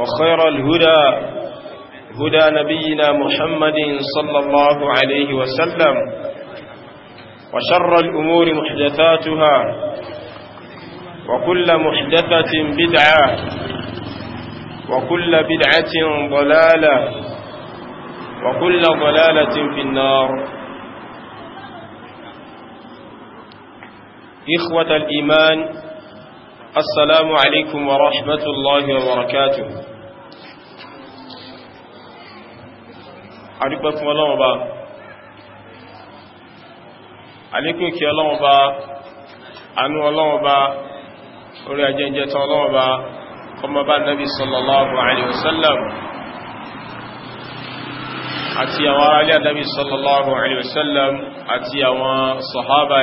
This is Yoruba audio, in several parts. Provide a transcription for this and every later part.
وخير الهدى هدى نبينا محمد صلى الله عليه وسلم وشر الأمور محدثاتها وكل محدثة بدعة وكل بدعة ضلالة وكل ضلالة في النار إخوة الإيمان السلام عليكم ورحمة الله وبركاته adúpẹ́ fún ọlọ́wọ́ bá alékún kí ọlọ́wọ́ bá anú ọlọ́wọ́ bá orí ajẹ́jẹ́ tán ọlọ́wọ́ bá kọmọ bá nabi sallallahu alaihi wasallam àti àwọn aráalé nabi sallallahu alaihi wasallam àti àwọn sahaba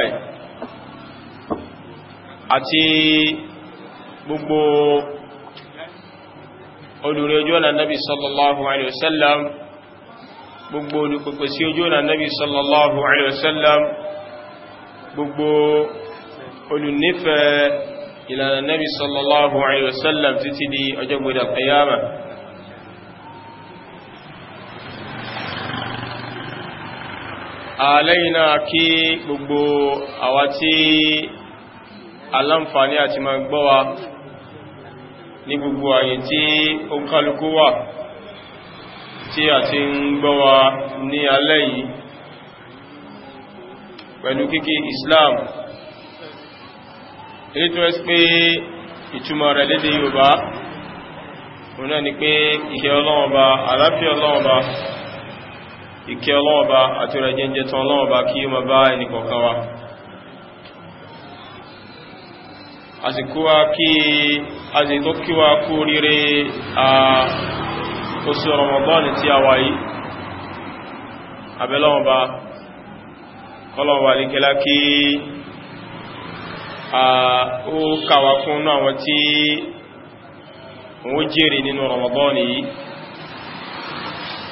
àti gbogbo olùpẹ̀pẹ̀ sí ojú ọ̀nà nabi sallallahu alaihi wasallam gbogbo olùnífẹ́ ìlànà nabi sallallahu alaihi wasallam títí di ọjọ́ gbogbo al-qiyama àlẹ́yìnà kí gbogbo àwa tí aláǹfààní àti ma gbọ́ wa ní gbogbo àyè tí ó kálukú wà tí a ti ń gbọ́ wa ní alẹ́ yìí pẹ̀lú kíkí Islam èyí tó ẹ́sì pé ìtumọ̀ rẹ̀ lédè Yorùbá òun náà ni pé ìkẹ́ ọlọ́ọ̀ba àlàáfíà ọlọ́ọ̀ba ìkẹ́ àti rẹ̀ jẹ́ tán kí wa kí a sì tó kí wa kú àà oṣù Ramadan tí a wà yìí abẹ́lọ́wọ́ba kọlọ̀wà ní kẹlá kí a ó kàwà fún náà wọn tí wọ́n jèrè nínú Ramadan yìí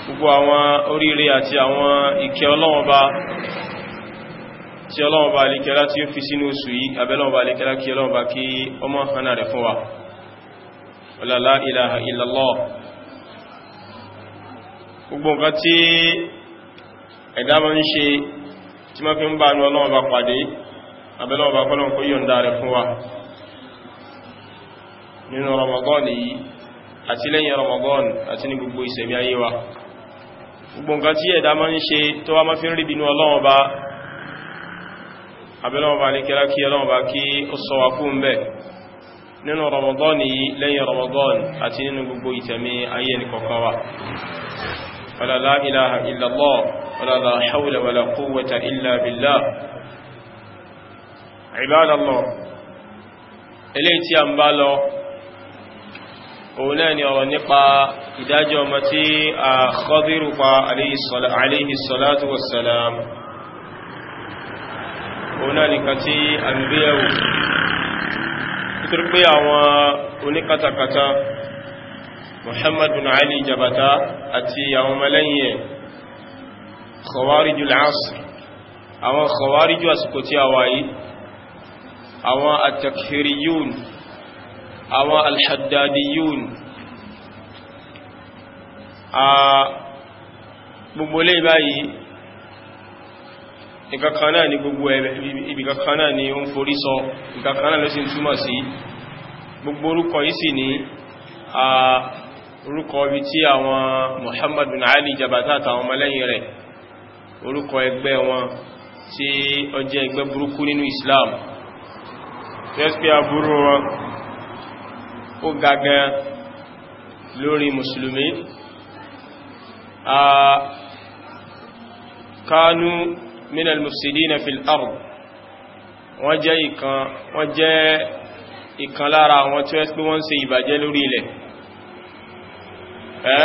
gbogbo àwọn oríire àti àwọn ìkẹ́ ọlọ́wọ́ba tí ọlọ́wọ́ba alékẹ́lá tí ó fi sínú oṣù yìí abẹ́lọ́wọ́ba alékẹ́lá kí ọlọ́wọ́ba kí ọmọ hànà rẹ̀ fún wa la ilaha illallah gbogbo nǹkan tí ẹ̀dá ma ń ṣe tí ma fi ń bá ní ọlọ́wọ́ bá pàdé abẹ́lọ́wọ́ bá kọ́lọ̀ kó yọ̀ǹda rẹ̀ fún wa nínú Ramadan yìí àti lẹ́yìn Ramadan àti ní gbogbo ìsẹ̀mí ayé wa gbogbo nǹkan tí ẹ̀dá ma ń ṣe tó wá ma fi ń rí bínú ọlọ́wọ́ nínú Ramadan yìí lẹ́yìn Ramadan àti nínú gbogbo ìtẹ̀mí ayé ẹnìkọ̀ọ̀kan wa ولا لا إله إلا الله ولا لا حول ولا قوة إلا بالله عباد الله إليه تيام بالو أولاني أرنقى إداجة أمتي خضر عليه الصلاة والسلام أولاني كتي أنبياء nítorí pé àwọn oníkatakata Muhammad bin Ali Jabata àti àwọn ọmọlẹ́yìn ẹ̀ khawarijul asr àwọn khawariju àsìkò tí a wáyé àwọn atakfiriyun àwọn alhaddadiyun a gbogbo lè báyìí ìkankan náà ni gbogbo ẹ̀bẹ̀ ibìkankan náà ni ó ń forí sọ ìkankan náà ló sì sí gbogbo orúkọ yìí sì ni a orúkọ ibi tí àwọn Muhammad bin Ali Jabata àtàwọn ọmọlẹ́yìn rẹ̀ orúkọ ẹgbẹ́ wọn tí ó jẹ́ ẹgbẹ́ burúkú nínú Islam tẹ́sí àbúrú wọn ó gagẹ́ lórí mùsùlùmí a kánú minal mufsidina fil ard wọ́n jẹ́ ìkan lára àwọn tí wọ́n sí ìbàjẹ́ lórí ilẹ̀ ẹ́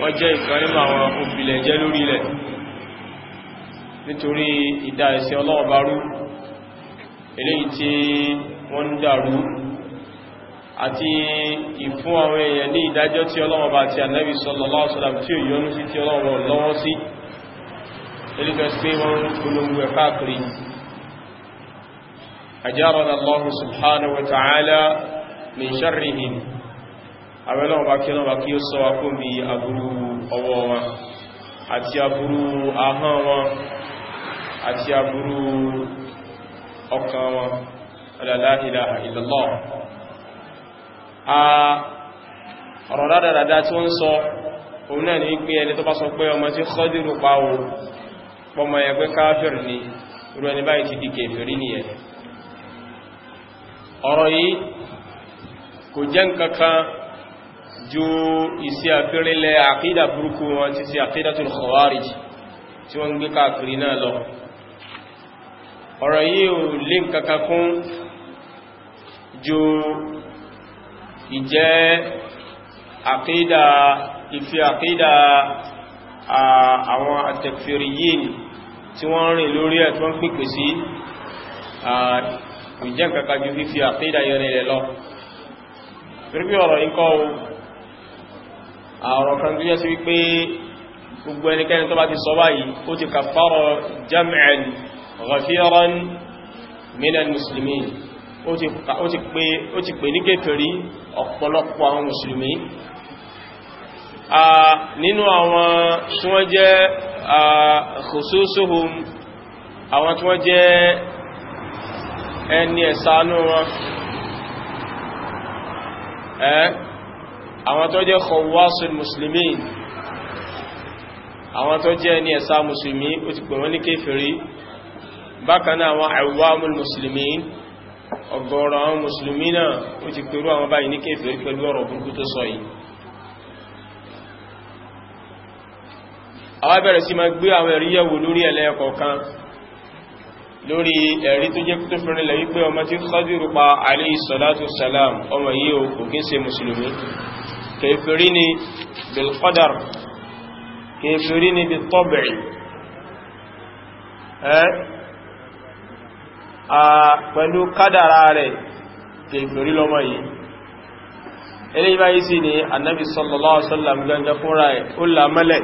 wọ́n jẹ́ ìkan nínú àwọn òbílẹ̀ jẹ́ lórí ilẹ̀ nítorí ìdá ẹ̀sẹ̀ ọlọ́ọ̀bárú eléyìí tí wọ́n ń dàrú àti ìfún àwọn èèyàn ní ìdájọ́ tí ọlọ́ọ̀bá àti ànábì sallallahu alaihi wasallam tí ò yọ́nú الله سبحانه وتعالى من شرهم àwẹ́lọ́wọ́ bá kí ọlọ́wọ́ kí ó sọ wá kó bí aburú ọwọ́ wọn àti aburú ahọ́n wọn àti aburú ọkàn wọn la ilaha a ọ̀rọ̀ dáadáa tí wọ́n sọ òun náà ní pé ẹni tó bá sọ pé ọmọ tí Khadiru pa pọmọ ẹgbẹ́ káfẹ́rì ni irú ẹni báyìí ti di kèfèrí ni ẹ̀ ọ̀rọ̀ yìí kò jẹ́ nǹkankan ju iṣẹ́ àfẹ́rẹ́lẹ̀ akida burúkú wọn títí si khawarij tí wọ́n ń gbé káàkiri náà lọ ọ̀rọ̀ yìí ò lè kankan kún ju ìjẹ́ akida ifi akida a àtẹ̀kfèrè yìí tí wọ́n rìn lori ẹ̀ tí wọ́n pèpè sí ìjẹ́ kankan ju akida àkídà yẹn rẹ̀ lọ pẹ̀lú ọ̀rọ̀ ikọ́ ọ̀rọ̀ kan tó yẹ́ sí wípé gbogbo ẹnikẹ́ni tó bá ti sọ báyìí ó ti kàfàrọ̀ jam'an ghafiran minal muslimin ó ti pè ní kéfèrí ọ̀pọ̀lọpọ̀ àwọn musulmi nínú àwọn tí wọ́n jẹ́ khususuhum àwọn tí wọ́n jẹ́ ẹni ẹ̀sánú wọn àwọn tó jẹ́ kọwàásùn musulmi àwọn tó jẹ́ ní ẹ̀sá musulmi ó ti pè wọ́n ní kéfèrí bákanáà àwọn àwọ́mùn musulmi ọ̀gọ̀rọ̀ àwọn musulmi náà ó ti pèrú àwọn báyìí ní kéfèrí pẹ̀lú ọ̀rọ̀ burúkú tó sọ lórí ẹ̀rí tó jẹ́ tó fẹ́rẹ̀lẹ̀ wípé ọmọ tí Khadiru pa alayhi salatu salam ọmọ yìí kò kí ń ṣe musulmi kèfèrí ni bilqadar kèfèrí ni bitọ́bẹ̀ ẹ́ a pẹ̀lú kádàrà rẹ̀ kèfèrí lọ́mọ yìí eléyìí báyìí sí ni annabi sallallahu alaihi wasallam gangan fúnra ẹ̀ ó làmẹ́lẹ̀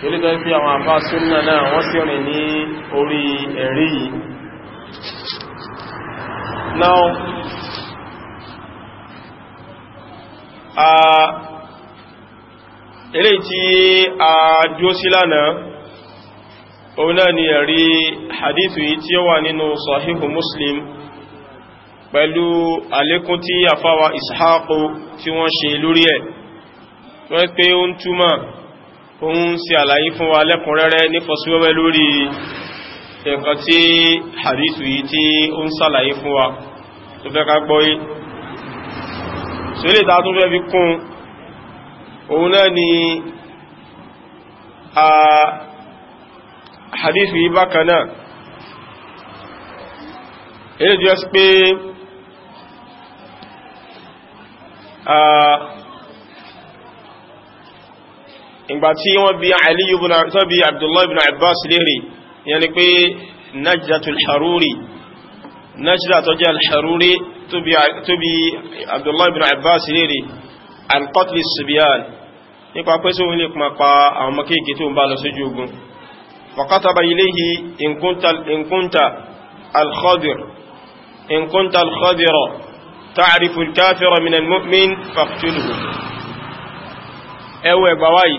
tolítọ́ fi àwọn àfá súnnà náà wọ́n sí rìn ní orí ẹ̀rí yìí now ilé tí a dúó sí lánàá òun náà ni ẹ̀rí hadithu yìí tí ó wà nínú sahihu muslim pẹ̀lú àlékún tí àfáwà ishaqo tí wọ́n ṣe lórí ẹ̀ wọ́n pé ó ń túmọ̀ òun sí àlàyé fún wa lẹ́kùnrẹ́rẹ́ ní fọ́síwẹ́wẹ́ lórí ẹ̀kan tí hadithu yìí tí ó ń sàlàyé fún wa tó fẹ́ ká gbọ́yìí so ilé ìta tún fẹ́ fi kún òun náà ni a hadith yìí bákan náà ilé jẹ́ sí pé a ìgbà wọ́n bí Ali tọ́bí Abdullahi ibn Abbas lérí yẹni pé najdatul haruri najdatu haruri tóbi abdullahi bin abbas lérí alkotli sibiyan nípa pé sí wọ́n lè kuma pa àwọn makéèké tó ń bá lọ sójú ogun fọkátàbà iléhi inkunta alkhodir inkunta alkhodiro ta'arifu káfíra min almu'min faktulhu ẹwẹ gbawai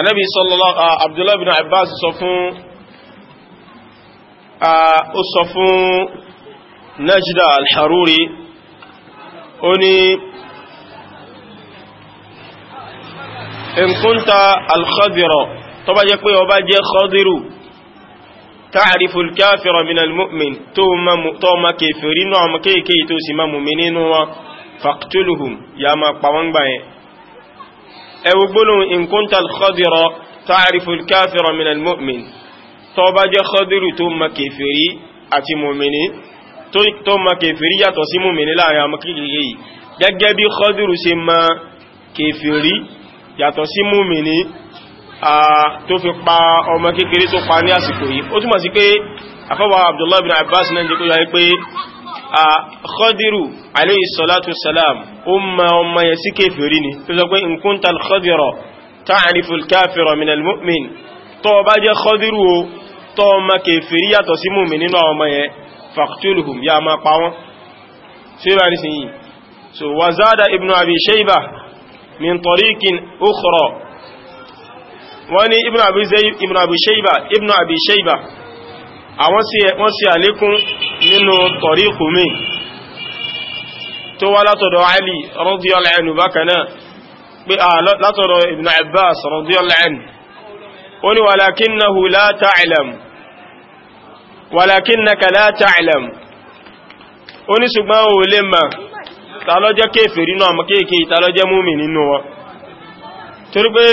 anabi sallallahu abdullahi bin abbas sọ fún ó sọ fún najda al-haruri ó ní ìkúnta al-khadira tó bá jẹ́ pé ọba jẹ́ khadiru تعرف الكافر من المؤمن توما كافرين وما كي كي توسما مؤمنين فاقتلهم يا ما قوان باي او قولوا ان كنت الخضر تعرف الكافر من المؤمن توبا جا خضر توما كافري اتي مؤمنين tó ma kèfèrí yàtọ̀ sí múmìnì láàrin àwọn kékeré yìí gẹ́gẹ́ bí Khadiru ṣe ma kèfèrí yàtọ̀ sí múmìnì tó fi pa ọmọ kékeré tó pa ní àsìkò yìí ó túnmọ̀ sí pé afọ́wà Abdullahi bin Abbas náà jẹ́ kó yà pé Khadiru alayhi salatu salam ó ma ọmọ yẹn sí kèfèrí ni tó sọ pé in kunta al-Khadira o tó kèfèrí yàtọ̀ sí múmìnì náà ọmọ yẹn faqtuluhum ya ma pa wọ́n ṣe bá ní sin yìí so wa zada ibn abi shayba min tariqin ukhra wani ibn abi zayd ibn abi shayba ibn abi shayba àwọn sì wọ́n sì àlékún nínú tariqu mi tó wá látọ̀dọ̀ ali radiyallahu anhu bákanáà pé a látọ̀dọ̀ ibn abbas radiyallahu anhu ó ní walakinnahu la ta'lam walakinnaka la ta'lam ó ní ṣùgbọ́n ò lè mà ta ló jẹ́ kéfèrí náà mọ́ kéèké ta ló jẹ́ múmi nínú wọn torí pé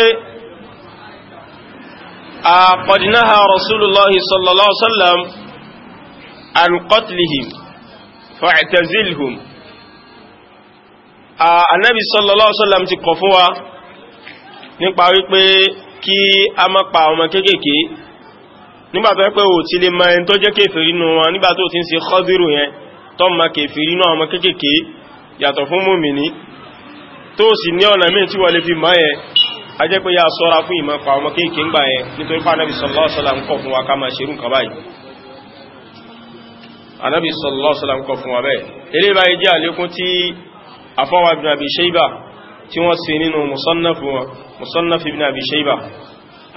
a qadnaha rasulullahi sallallahu alaihi wasallam an qatlihim fa'tazilhum annabi sallallahu alaihi ti kọ̀ fún wa nípa a má ọmọ kéèkéé nígbàtọ̀ ẹ́ pé ò ti lè ma ẹni tó jẹ́ kèfèrí nù wọn nígbàtọ̀ ti ń ṣe kọ́dírù yẹn tó ma kèfèrí náà ọmọ kékèké yàtọ̀ fún mùmìní tó sì ní ọ̀nà mí tí wọ́n lè fi máa yẹn a jẹ́ pé yà sọ́ra fún ìmọ̀ pa ọmọ kéèké ń gbà yẹn nítorí pé anábì sallallahu alaihi wasallam kọ̀ fún wa ká máa ṣerú nǹkan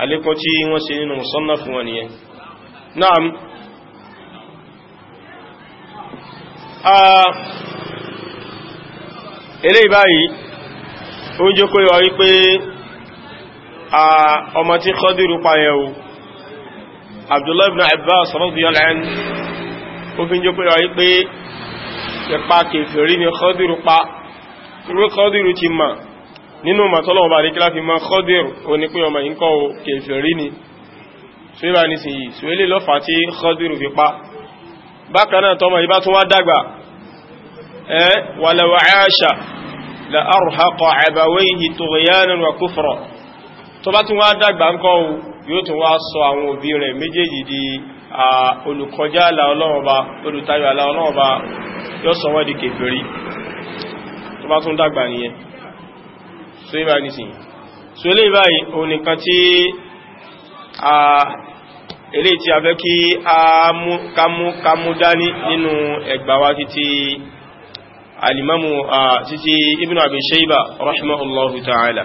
àlékún tí wọ́n ṣe nínú sọ́nà fún wọn nìyẹn naam eléyìí báyìí ó ń jókòó yọ wípé ọmọ tí Khadiru payẹ̀ o Abdullah ibn Abbas radiyallahu anhu ó fi ń jókòó yọ wípé ẹ̀pá nínú màtọ́lọ̀ ọba àríkílá fi máa Khadir o ní pé ọmọ ìkọ́ o kèfèrí ni tí ó bá ní sí yìí tí ó lè lọ́fà tí Khadir fi pa bákan náà tọ́mọ ibá tó wá dàgbà ẹ́ walaw 'asha la arhaqa 'abawayhi tughyanan wa kufra tó bá tún wá dàgbà ń kọ́ o tó bá tún dàgbà nìyẹn so yíba nìsìn so ilé ìbáyìí òun tí a ilé tí a fẹ́ kí a kámú dání nínú ẹgbàwá títí alimamu a títí ibn abi shayba allahu ta'ala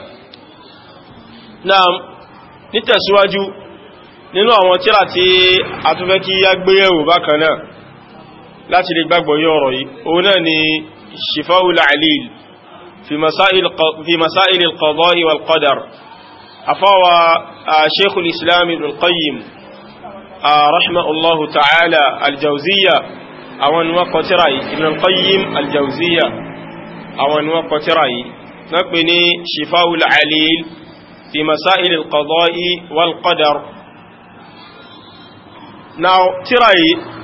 naam nítẹ̀síwájú nínú àwọn tírà tí a tún fẹ́ kí a gbéyẹ̀wò bákan náà láti lè gbàgbọ́ yọ ọ̀rọ̀ yìí alil في مسائل في مسائل القضاء والقدر أفوى شيخ الإسلام ابن القيم رحمه الله تعالى الجوزية أو أن وقتري ابن القيم الجوزية أو أن وقتري نقني شفاء العليل في مسائل القضاء والقدر now تري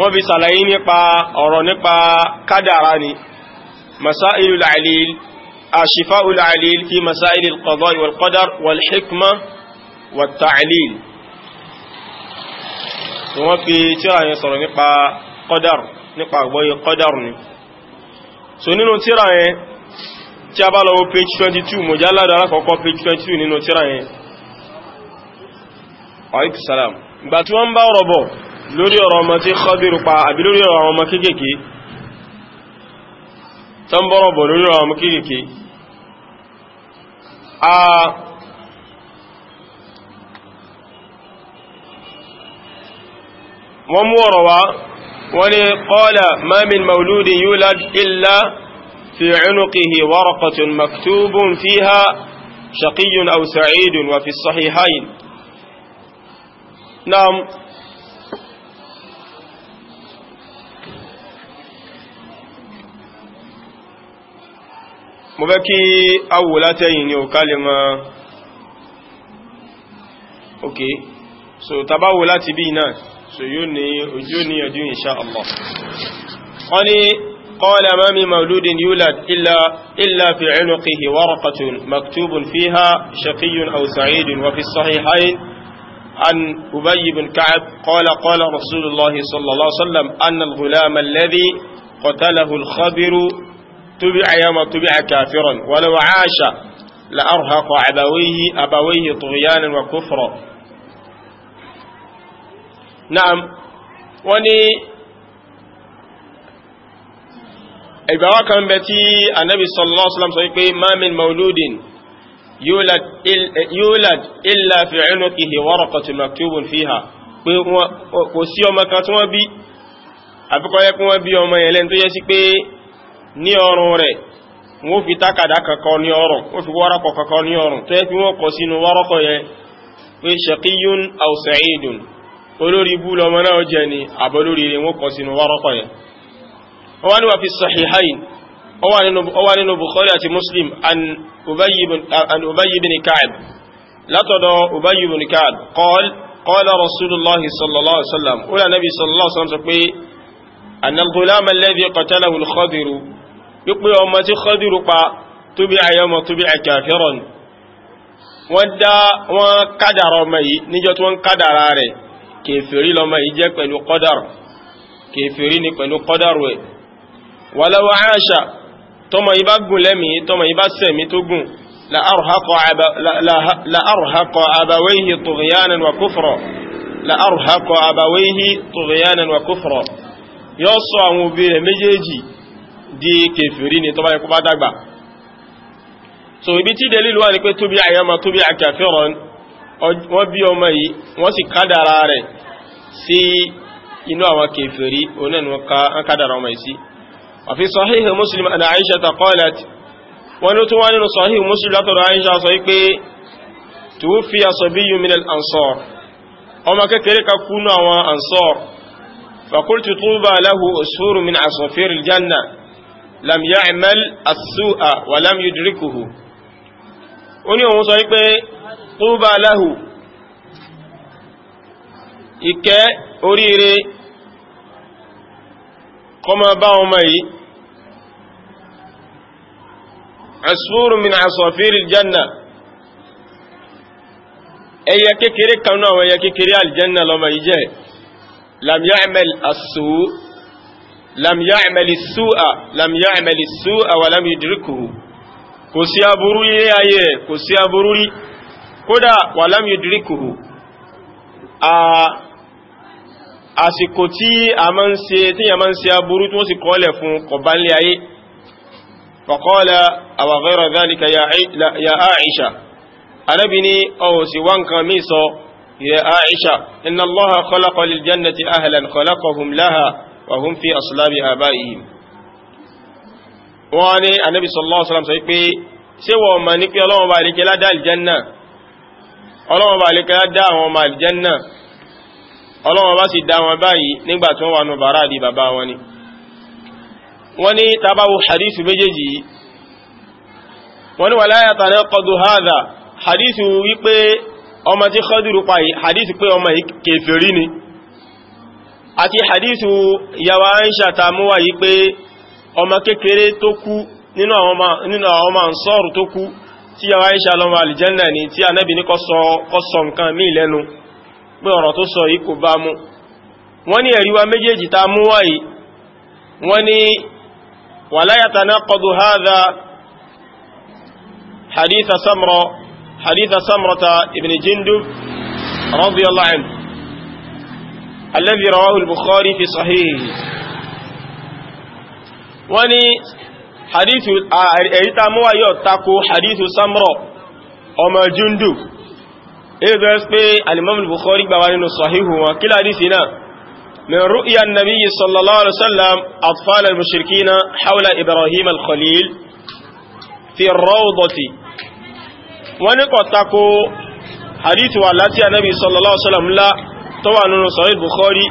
wọ́n fi sàlàyé nípa ọ̀rọ̀ nípa kádàrá ni مسائل العليل الشفاء العليل في مسائل القضاء والقدر والحكمة والتعليل ثم في ترى يصر نقا قدر نقا بوي قدر سنين ترى تابع له page 22 مجلد على كوكو page 22 نينو ترى عليك السلام gbàtí wọ́n bá ọ̀rọ̀ bọ̀ lórí ọ̀rọ̀ ọmọ tí Khadiru pa tan ń bọ́rọ̀ bọ̀ lórí ọmọ kéèkéé a wọ́n mú ọ̀rọ̀ wá wọ́n ni qala ma min mauludin yulad illa fi unuqihi waraqatun maktubun fiha shaqiyyun aw sa'idun wa fi sahihayn na'am mo fẹ́ kí awò látẹ̀yìn ni ò kale ma mọ́ ok so tabawo láti bí na so yóò ní ojo ní ojo insha Allah wọ́n ni qala ma min mawludin yulad illa illa fi unuqihi warqatun maktubun fiha shaqiyyun aw sa'idun wa fi sahihayn عن أبي بن كعب قال قال رسول الله صلى الله عليه وسلم أن الغلام الذي قتله الخبر تبع يوم تبع كافرا ولو عاش لأرهق أبويه أبويه طغيانا وكفرا نعم وني إبوا كان بتي النبي صلى الله عليه وسلم صحيح ما من مولود يولد يولد إلا في عنقه ورقة مكتوب فيها kò sí ọmọ kan tí wọ́n bí àbíkọ́ yẹ kí wọ́n bí ọmọ yẹn lẹ́n tó yẹ sí pé ní ọrùn rẹ̀ wọ́n fi tákàdá kankan ní ọrùn wọ́n fi wọ́rọ̀kọ̀ kankan ní ọrùn tó ẹ́ fi wọ́n kọ sínú wọ́rọ̀kọ̀ yẹn pé ṣẹ̀kíyún aw sa'idun olórí ibú lọmọ náà jẹ́ ni àbọ̀lórí rẹ̀ wọ́n kọ sínú wọ́rọ̀kọ̀ yẹn wọ́n ni wà fi sahihayn ọwà nínú bukhari àti muslim an ubayy bin ka'ab látọ̀dọ̀ ubayy bin wípé ọmọ tí Khadiru pa tubi àyọmọ tubi kafiran wọ́n dá wọ́n kádàrà ọmọ yìí níjọ́ tí wọ́n kádàrà rẹ̀ kèfèrí lọmọ yìí jẹ́ pẹ̀lú kọ́dàrù kèfèrí ni pẹ̀lú kọ́dàrù ẹ̀ walau aasha tọmọ yìí bá gùn lẹ́mí tọmọ yìí bá sẹ̀mí tó gùn la arhaqa abawayhi tughyanan wa kufra la arhaqa abawayhi tughyanan yóò sọ àwọn òbí méjèèjì di kèfèrí ni tó bá yẹ kó bá dàgbà so ibi tí delilu wà ní pé tóbi àyàmà tóbi àkàfẹ́ràn wọ́n bí ọmọ yìí wọ́n sì kádàrà rẹ̀ sí inú àwọn kèfèrí onáni wọ́n kádàrà ọmọ yìí sí àfi sahih muslim ana aisha ta qalat wọ́n ló tún wá nínú sahih muslim látọ̀rọ̀ aisha sọ wípé tuwfiya sabiyyun minal ansar ọmọ kékeré ka kú nú àwọn ansar fa qultu tuba lahu usfurun min asafiril janna lam ya'mal as-su'a wa lam yudrikuhu ó ní òun sọ wípé tuba lahu ìkẹ́ oríire kọmọ bá ọmọ yìí asfúrù min asọ̀fíri janna ẹyẹ kékeré kan náà ẹyẹ kékeré aljanna lọ́mọ yìí jẹ́ lam ya'mal lam ya'mal as-su'a lam ya'mal as-su'a wa lam yudrikuhu kò sí aburú ní ayé kò sí aburú rí kódà wa lam yudrikuhu àsìkò tí a máa ń ṣe tí a máa ń ṣe aburú tí wọ́n sì kọ́lẹ̀ fún kọ̀bánlé ayé faqala aw ghayra ya Aisha Ànábì ní ọ̀hùn sí wá nǹkan mí sọ ya Aisha inna Allaha khalaqa lil jannati laha wa hum fi aslabi abaihim wọ́n ní anábi sallallahu alaihi wasallam sọ pé ṣé wọ́n ma ní pé ọlọ́wọ́n bá àlìkẹ́lá dá àlìjánná ọlọ́wọ́n bá àlìkẹ́lá dá àwọn ọmọ àlìjánná ọlọ́wọ́n bá sì dá wọn báyìí nígbà tí wọ́n wà nù bàrá àdì bàbá wọn ni wọ́n ní tabawo hadithu méjèèjì wọ́n ní hadithu wípé ọmọ tí Khadiru pa hadithu pé ọmọ yìí ni àti hadithu ìyàwó Aisha ta mú wáyé pé ọmọ kékeré tó kú nínú àwọn ọmọ Ansọ́rù tó kú tí ìyàwó Aisha lọ́wọ́ alìjẹ́nà ni tí Ànábì ní kó sọ nǹkan mí lẹ́nu pé ọ̀rọ̀ tó sọ yìí kò bá mu wọ́n ní ẹ̀ríwá méjèèjì ta mú wáyé wọ́n ní wala yatanaqadu hadha haditha Samra haditha Samrata ibn Jindub radiyallahu anhu الذي رواه البخاري في صحيح وني حديث ايتا مو ايو تاكو حديث سمرة اما جندب اذا اسبي الامام البخاري بواني صحيح وكل حديثنا من رؤيا النبي صلى الله عليه وسلم اطفال المشركين حول ابراهيم الخليل في الروضة وني قد تاكو حديث والتي النبي صلى الله عليه وسلم لا tó wà nínú Sahih Bukhari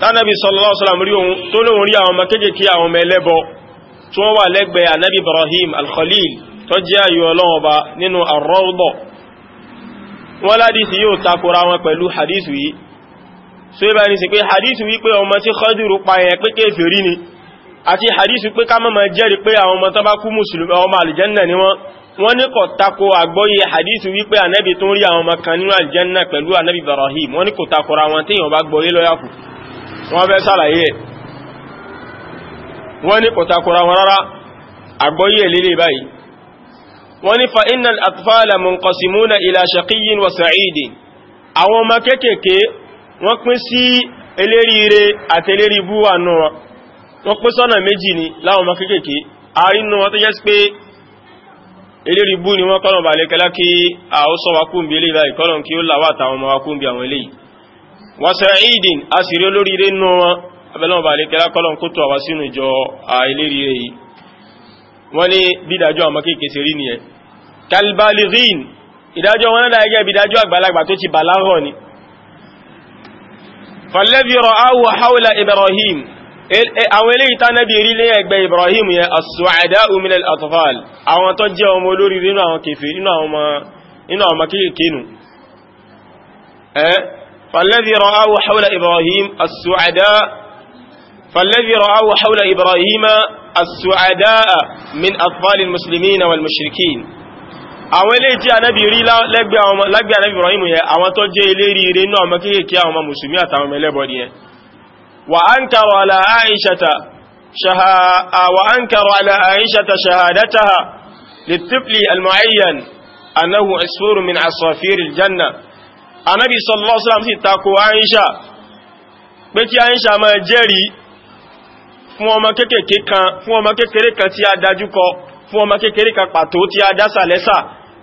tánàbí sallallahu alaihi wasallam rí ohun tó lóhun rí àwọn ọmọ kéèkéé àwọn ọmọ ẹlẹ́bọ tí wọ́n wà lẹ́gbẹ̀ẹ́ ànábì Ibrahim al-Khalil tó jẹ́ ayò ọlọ́ọba nínú ar-Rawda wọ́n ládìsí yóò takora wọn pẹ̀lú hadithu yìí so ibà ní sí pé hadithu wí pé ọmọ tí wọ́n ní kò tako àgbọ́yé hadithu wípé ànábì tún rí àwọn ọmọ kan nínú aljanna pẹ̀lú ànábì Ibrahim wọ́n ní kò takora wọn tí yíò bá gbọ́yé lọ́yàkù wọ́n fẹ́ sàlàyé ẹ̀ wọ́n ní kò takora wọn rárá àgbọ́yé lílé báyìí wọ́n ní fa innal atfala munqasimuna ila shaqiyyin wa sa'idin àwọn ọmọ kékèké wọ́n pín sí eléríire àti eléríbú wà náà wọ́n pín sọ́nà méjì ni láwọn ọmọ kékèké àárínú wọn tó jẹ́ pé eléri bú ni wọ́n kọ́nà balẹ̀ kẹlá kí a ó sọ wakúnbí ilé ìbáyìí kọ́nà kí ó làwà àtàwọn ọmọ wakúnbí àwọn ilé wọ́n sẹ ìdìn a sì rí olórí ilé nù wọn abẹ́lọ́wọ́ balẹ̀ kẹlá kọ́nà kó tó àwá sínú ìjọ eléri ilé Ibrahim Eh, eh, àwọn eléyìí tánàbí rí lé ẹgbẹ́ Ibrahim yẹ as-su'ada min al-atfal àwọn tó jẹ́ ọmọ olórí nínú àwọn kèfèrí nínú àwọn kéèkéènù فالذي رآه حول إبراهيم السعداء فالذي رآه حول إبراهيم السعداء من أطفال المسلمين والمشركين àwọn eh, ilé tí anábi rí lẹ́gbẹ̀ẹ́ anábi Ibrahim yẹ àwọn tó jẹ́ ilé rí rí náà mọ́kíkẹ́ àwọn mùsùlùmí àtàwọn ẹlẹ́bọ̀ ni وأنكر على عائشة شها وأنكر على عائشة شهادتها للطفل المعين أنه عصفور من عصافير الجنة النبي صلى الله عليه وسلم تاكو عائشة بكي عائشة ما جري fún ọmọ kékeré kan fún ọmọ kékeré kan tí a dájúkọ fún ọmọ kékeré kan pàtó tí a dásà lẹ́sà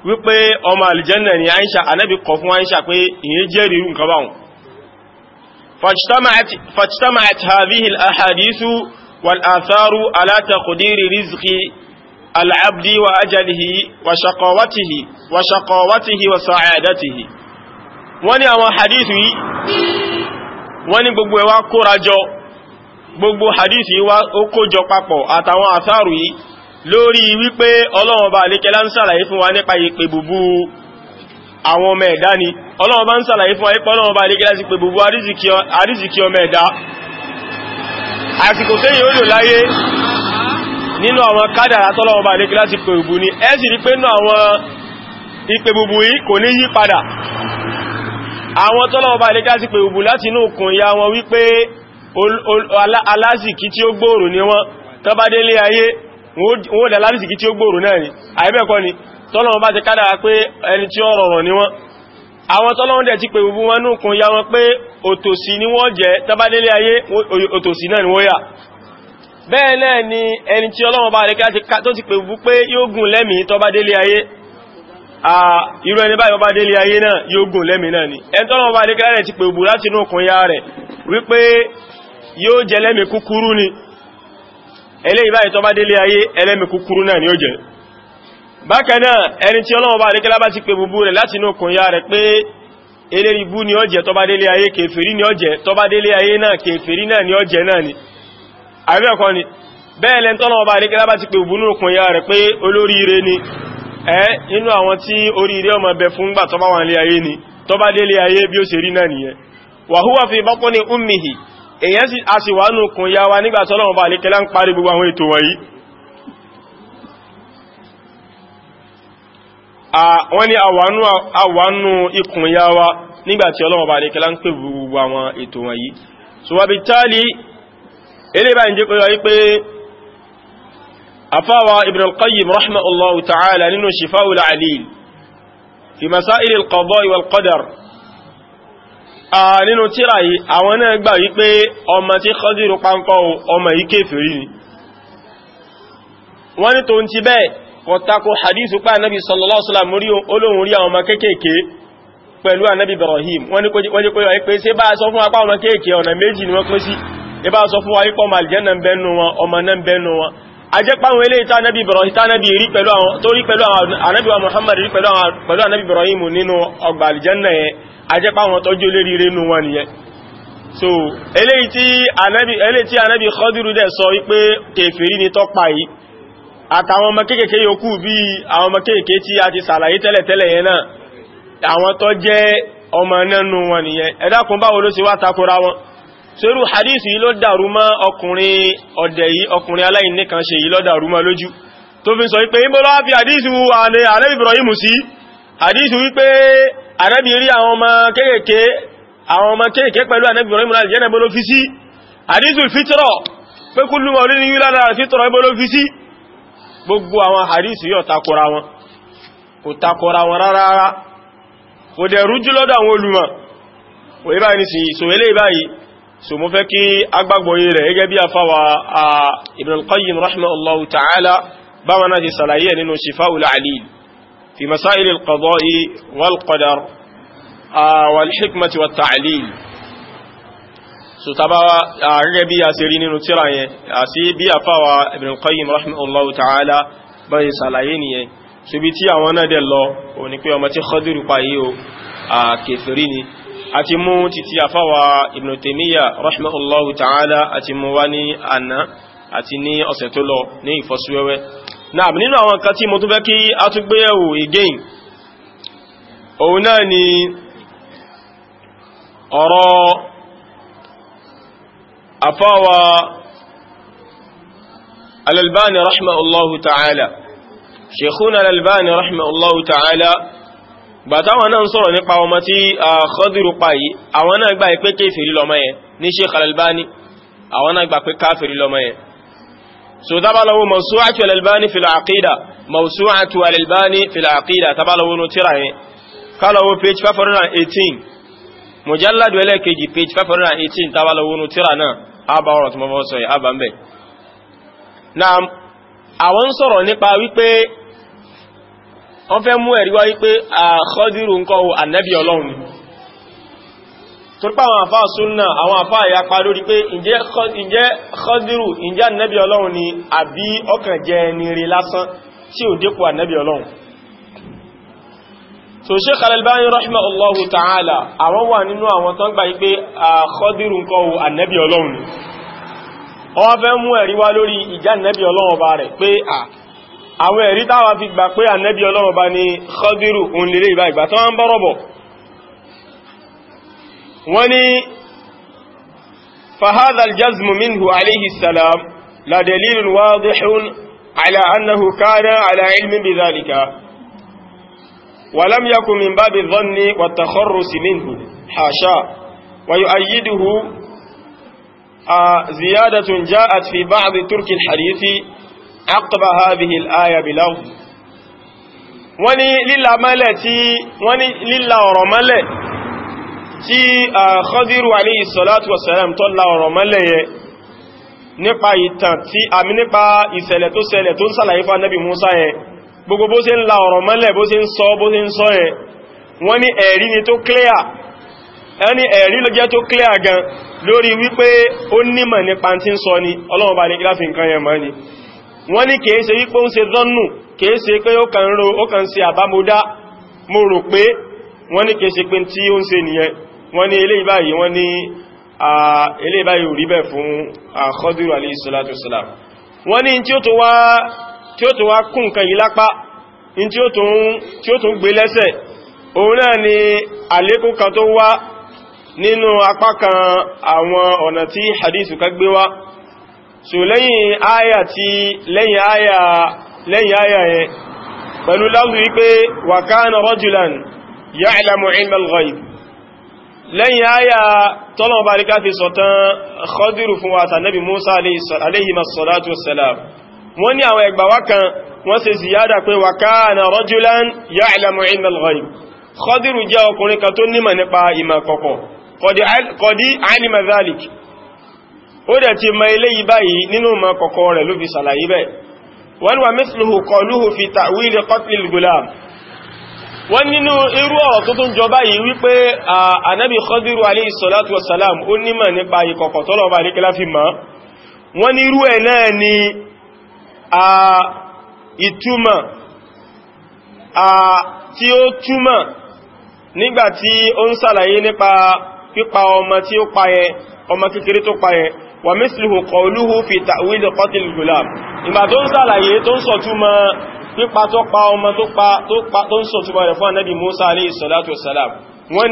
wípé ọmọ àlìjẹ́nà ni àìṣà anẹ́bí kọ fún àìṣà pé ìyẹn jẹ́rìí irú nǹkan báhùn فاجتمعت, فاجتمعت هذه الأحاديث والآثار على تقدير رزق العبد وأجله وشقاوته وشقاوته وسعادته wọ́n ní àwọn hadith yìí wọ́n ní gbogbo ẹwà kórajọ gbogbo hadith yìí wá ó kójọ papọ̀ àtàwọn àsáàrù yìí lórí wípé Ọlọ́run bá lékẹ́lá ń sàlàyé fún wa nípa ìpè bùbú àwọn ọmọ ẹ̀dá ni ọlọ́wọ́ bá ń sàlàyé fún ayé pọ́lọ́wọ́ bá lè gẹ́lá sí pé gbogbo àrízìkí ọmọ ẹ̀dá àsìkò tẹ́yìn ó lò láyé nínú àwọn kádàrà tọ́lọ́wọ́ bá lè gẹ́lá sí pé gbogbo ní ẹ sì rí pé nínú àwọn ìpè gbogbo yìí kò ní yí padà àwọn tọ́lọ́wọ́ bá lè gẹ́lá sí pé tọ́lọ́wọ́n bá ti kádàrá pé ẹni tí ó rọrùn ni wọ́n àwọn tọ́lọ́wọ́n dẹ̀ ti pè gbogbo wọn nùkún ya wọn pé òtòsí ni wọ́n jẹ́ tọ́bádélé ayé òtòsí náà ni wọ́n yà bẹ́ẹ̀ náà ni ẹni tí ọlọ́wọ́n bá rẹ̀ tó ti pè gbogbo pé yóò gùn lẹ́mìí tọ́bádélé ayé irú bákan náà ẹni tí ọlọ́wọ́ bá rékẹ́lá bá ti pè búbú rẹ̀ láti inú kùn ya rẹ̀ pé eléribú ni ọjẹ́ tọba délé ayé kèfèrí ni ọjẹ́ tọba délé ayé náà kèfèrí náà ni ọjẹ́ náà ni àbí ni bẹ́ẹ̀ lẹ́n tọ́lọ́wọ́ bá rékẹ́lá bá ti pè búbú nínú kùn ni ẹ inú àwọn tí oríire ọmọ bẹ fún gbà tọba wà nílé ni tọba délé ayé bí wọ́n ní àwọnú ikùn ya wa nígbàtí ọlọ́wọ́ bá nìkẹ́lá ń pè gbogbo àwọn ètò wọ̀nyí so wà bí tálí eléba ìjẹ́ pẹ̀lú wípé afáwa Ibn al-Qayyim rahimahullahu ta'ala nínú Shifa'ul 'Alil fi masail al-qada'i wal-qadar nínú tírà yìí àwọn náà gbà kọ̀tàkù hadithu pa anábi sallallahu alaihi wasallam rí olóhun rí àwọn ọmọ kéèkéèké pẹ̀lú anábi Ibrahim wọ́n ní kọjí pé ọ̀ẹ́ pé sí bá sọ fún apá ọmọ kéèkéè ọ̀nà méjì ni wọ́n pín sí ibá sọ fún wáyé pọ̀ màlìjẹ́nà bẹnu wọn ọmọ náà bẹnu wọn a Ibrahim tánábi rí pẹ̀lú Muhammad rí pẹ̀lú anábi Ibrahim nínú ọgbà àlìjẹ́nà yẹn a jẹ́ pàwọn tọ́jú wọn so eléyìí tí anábi Khadiru dẹ̀ sọ wípé kèfèrí ni àtàwọn ọmọ kéèkéé yòókù bí àwọn ọmọ kéèkéé tí a ti sàlàyé tẹ́lẹ̀tẹ́lẹ̀ yẹn náà àwọn tó jẹ́ ọmọ nẹ́nu wọn nìyẹn ẹ dákun báwo ló ṣe wá takora wọn sórú hadith yìí ló dàrú mọ́ ọkùnrin ọ̀dẹ̀ yìí ọkùnrin aláìní kan ṣe yìí ló dàrú mọ́ lójú tó fi sọ wípé ibò lọ́wọ́ fi hadith wu àlẹ́ àlẹ́ Ibrahim sí hadith wípé àrẹ́bì àwọn ọmọ kéèkéé àwọn ọmọ kéèkéé pẹ̀lú àrẹ́bì Ibrahim náà jẹ́ ló fi sí hadith fitrọ̀ pé kúlùmọ̀ orí ni yúlára fitrọ̀ ibò ló fi sí gbogbo àwọn hadisi yóò takora wọn kò takora wọn rárá kò dẹ̀ rújú lọ́dọ̀ àwọn olùmọ̀ kò ibá ní sí so ilé ìbáyìí so mo fẹ́ kí agbágbòye rẹ̀ gẹ́gẹ́ bí afáwà Ibn al-Qayyim rahimahullahu ta'ala báwọn náà ti sàlàyé nínú Shifa'ul Alil fi masailil qada'i wal qadar wal hikmati wat ta'lil so taba gẹ́gẹ́ bí a ṣe rí nínú tírà yẹn àti bí àfáwà Ibn Qayyim rahimahullahu ta'ala báyìí sàlàyé nìyẹn so bí tí àwọn náà dẹ̀ lọ o ní pé ọmọ tí Khadiru pa yìí o a kèfèrí ni a ti mú títí àfáwà Ibn Taymiyyah rahimahullahu ta'ala a ti mú wá ní àná àti ní ọ̀sẹ̀ tó lọ ní ìfọ́síwẹ́wẹ́ náà nínú àwọn kan tí mo tún fẹ́ kí a tún gbé yẹ̀wò again òun náà ni ọ̀rọ̀ afáwa alalbani rahimahullahu ta'ala sheikhuna alalbani rahimahullahu ta'ala bàtà wọn náà ń sọ̀rọ̀ nípa ọmọ tí a Khadiru pa yìí àwọn náà gbà pé kéfèrí lọmọ yẹn ní sheikh alalbani àwọn náà gbà pé káfèrí lọmọ yẹn so tabalawo mawsu'atu alalbani fil aqida mawsu'atu alalbani fil aqida tabalawo nù tíra yẹn kálọ̀wọ́ page 518 mujalladu ẹlẹ́kejì page 518 tàbálọ̀wọ́nú tíra náà àbá ọ̀rọ̀ tí mo fọ́ sọ àbá ń bẹ̀. na àwọn ń sọ̀rọ̀ nípa wípé wọ́n fẹ́ mú ẹ̀rí wá wípé àkọ́dírù ńkọ́ o ànábì ọlọ́run ni torípa àwọn àfá súnnà àwọn àfá ìyapa lórí pé ǹjẹ́ kọ́dírù ǹjẹ́ ni àbí ọkàn jẹ́ ẹni ò dépò ọlọ́run so Sheikh Al-Albani rahimahullahu ta'ala àwọn wà nínú àwọn tán gbà wípé àkọ́dìrù nǹkan wo ànẹ́bí ọlọ́run ni wọ́n fẹ́ mú ẹ̀rí wá lórí ìjà ànẹ́bí ọlọ́run ọba rẹ̀ pé à àwọn ẹ̀rí táwa fi gbà pé ànẹ́bí ọlọ́run ọba ni kọ́dìrù òun lè ìgbà ìgbà tó wọ́n ni ولم يكن من باب الظن والتخرس منه حاشا ويؤيده زيادة جاءت في بعض ترك الحديث عقب هذه الآية بلغض وني للا ملتي وني للا رملة تي خضر عليه الصلاة والسلام طلع رملة nípa ìtàn tí àmì nípa ìṣẹ̀lẹ̀ tó ṣẹlẹ̀ tó ń sàlàyé fún Ànábì Mùsá yẹn gbogbo bó ṣe ń la ọ̀rọ̀ mọ́lẹ̀ bó ṣe ń sọ bó ṣe ń sọ ẹ̀ wọ́n ní ẹ̀rí ni tó clear ẹni ẹ̀rí ló jẹ́ tó clear gan lórí wípé ó nímọ̀ nípa tí ń sọ ni ọlọ́run bá lè kílá fi nǹkan yẹn mọ́ ni wọ́n ní kìí ṣe wípé ó ń ṣe zọ́nù kìí ṣe pé ó kàn ro ó kàn ṣe àbámọ́dá mo rò pé wọ́n ní kìí ṣe pé tí ó ń ṣe nìyẹn wọ́n ní eléyìí báyìí wọ́n ní eléyìí báyìí ò rí bẹ́ẹ̀ fún Khadiru alayhi salatu wassalam wọ́n ní tí ó tó wá tí ó tún wá kún nǹkan yìí lápá in tí ó tún gbé lẹ́sẹ̀ òun náà ni àlékún kan tó wá nínú apá kan àwọn ọ̀nà tí hadithu ká gbé wá so lẹ́yìn àyà tí lẹ́yìn àyà lẹ́yìn àyà yẹn pẹ̀lú láwùí wípé wa kana rajulan ya'lamu ilma lẹ́yìn ayá tọ́lọ̀ bá rí káfí sọ̀tán Khadiru fún wa tànàbí Musa alayhi salatu wassalam wọ́n ní àwọn ẹgbàwá kan wọ́n ṣe ziyada pé wa kana rajulan ya'lamu ilma al-ghayb Khadiru jẹ́ ọkùnrin kan tó nímọ̀ nípa ìmọ̀ kọ̀kọ̀ kọ̀dí alima dhalik ó dẹ̀ ti mọ eléyìí báyìí nínú ìmọ̀ kọ̀kọ̀ rẹ̀ ló fi sàlàyé bẹ́ẹ̀ wọ́n wà mithluhu qawluhu fi ta'wili qatli al-gulam wọ́n nínú irú ọ̀rọ̀ tó tún jọba yìí a ìtumọ̀ a tí ó túmọ̀ nígbàtí ó ń sàlàyé nípa pípa ọmọ tí ó payẹ ọmọ kékeré tó payẹ wà mísìlùhù qawluhu fi ta'wil qatil gulam ìgbà tó ń sàlàyé tó ń sọ̀túmọ̀ pípa tó pa ọmọ tó ń sọ̀túmọ̀ rẹ̀ fún anábì Musa alayhi salatu wassalam wọ́n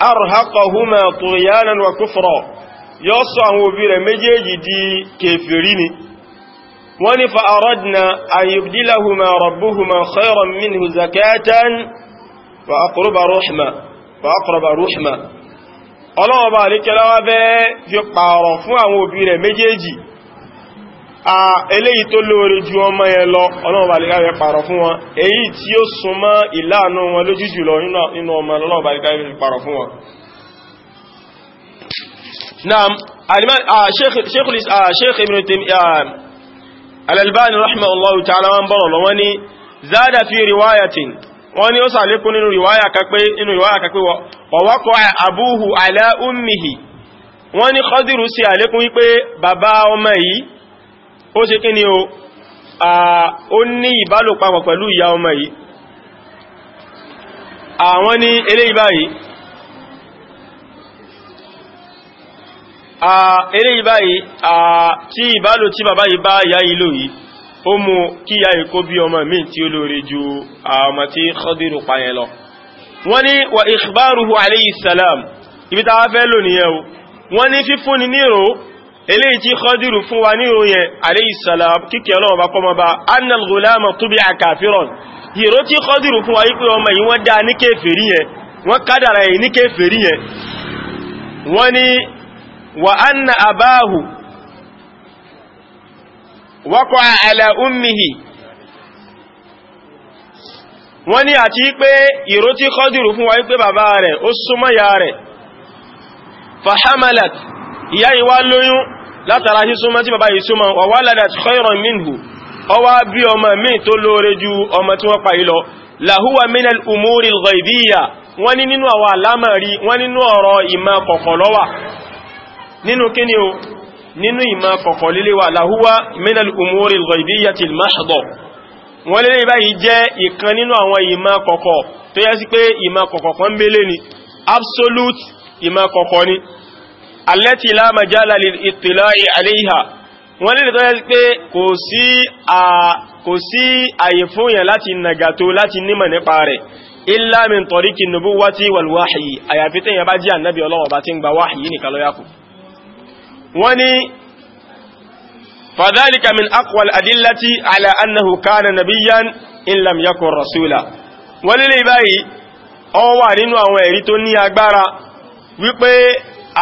arhaqahuma tughyanan wa kufra yóò sọ àwọn òbí rẹ̀ méjèèjì di kèfèrí ni wọ́n ní fa'aradna an yubdilahuma rabbuhuma khayran minhu zakatan wa aqraba ruhma wa aqraba ruhma ọlọ́wọ́ bá àríkẹ́lá wá bẹ́ẹ̀ fi pààrọ̀ fún àwọn òbí rẹ̀ méjèèjì eléyìí tó lóore ju ọmọ yẹn lọ ọlọ́ọ̀bà lè káyẹ pààrọ̀ fún wọn èyí tí ó súnmọ́ ìlànà wọn lójú jùlọ nínú ọmọ ọlọ́ọ̀bà lè káyẹ pààrọ̀ fún wọn naam sheikh ibn al-Albani rahimahullahu ta'ala wọn bọ́rọ̀ lọ wọ́n ni zada fi riwayatin wọ́n ni ó sàlékún nínú riwaya kakpe nínú riwaya wípé bàbá ọmọ yìí ó ṣe kí ni o ó ní ìbálòpapọ̀ pẹ̀lú ìyá ọmọ yìí àwọn ní eléyìí báyìí eléyìí báyìí tí ìbálò tí bàbá yìí bá ìyá yìí lò yìí ó mú kí ìyá yìí kó bí ọmọ míì tí ó lóore ju ọmọ tí Khadiru pa lọ wọ́n ní wà ìṣbáruhu alayhi salam ibi tàwà fẹ́ lò nìyẹn o wọ́n ní fífúnni nírò eléyìí tí Khadiru fún wa ní ìròyìn aleyhisselam kíkẹ́ ọlọ́wọ́ bá kọ́mọ bá annal gulama tubi akafiron ìró tí Khadiru fún wa wípé ọmọ yìí wọ́n dá ní kéfèrí yẹn wọ́n kádàrà yìí ní kéfèrí yẹn wọ́n ni wa anna abáhù waqa'a ala ummihi wọ́n ni àti pé ìró tí Khadiru fún wa wípé bàbá rẹ̀ ó súnmọ́ ya rẹ̀ fahamalat ìyá yìí wá lóyún látara sísúnmọ́ tí bàbá yìí súnmọ́ wa waladat khayran minhu ó wá bí ọmọ míì tó lóore ju ọmọ tí wọ́n pa yìí lọ lahuwa minal umuri al-ghaybiyya wọ́n ní nínú àwọn alámàrí wọ́n nínú ọ̀rọ̀ ìmọ̀ kọ̀kọ̀ lọ́wà nínú kíni o nínú absolute ìmọ̀ kọ̀kọ̀ ni allati la majala lil ittila'i alayha wọ́n lè tọ́jẹ́ pé kò sí àyè fún yẹn láti nàgàtò láti nímọ̀ nípa rẹ̀ illa min tariqi nubuwati wal wahyi àyàfi tí yẹn bá jí ànábì ọlọ́wọ̀ bá ti ń gba wáhìí nìkan ló wọ́n ni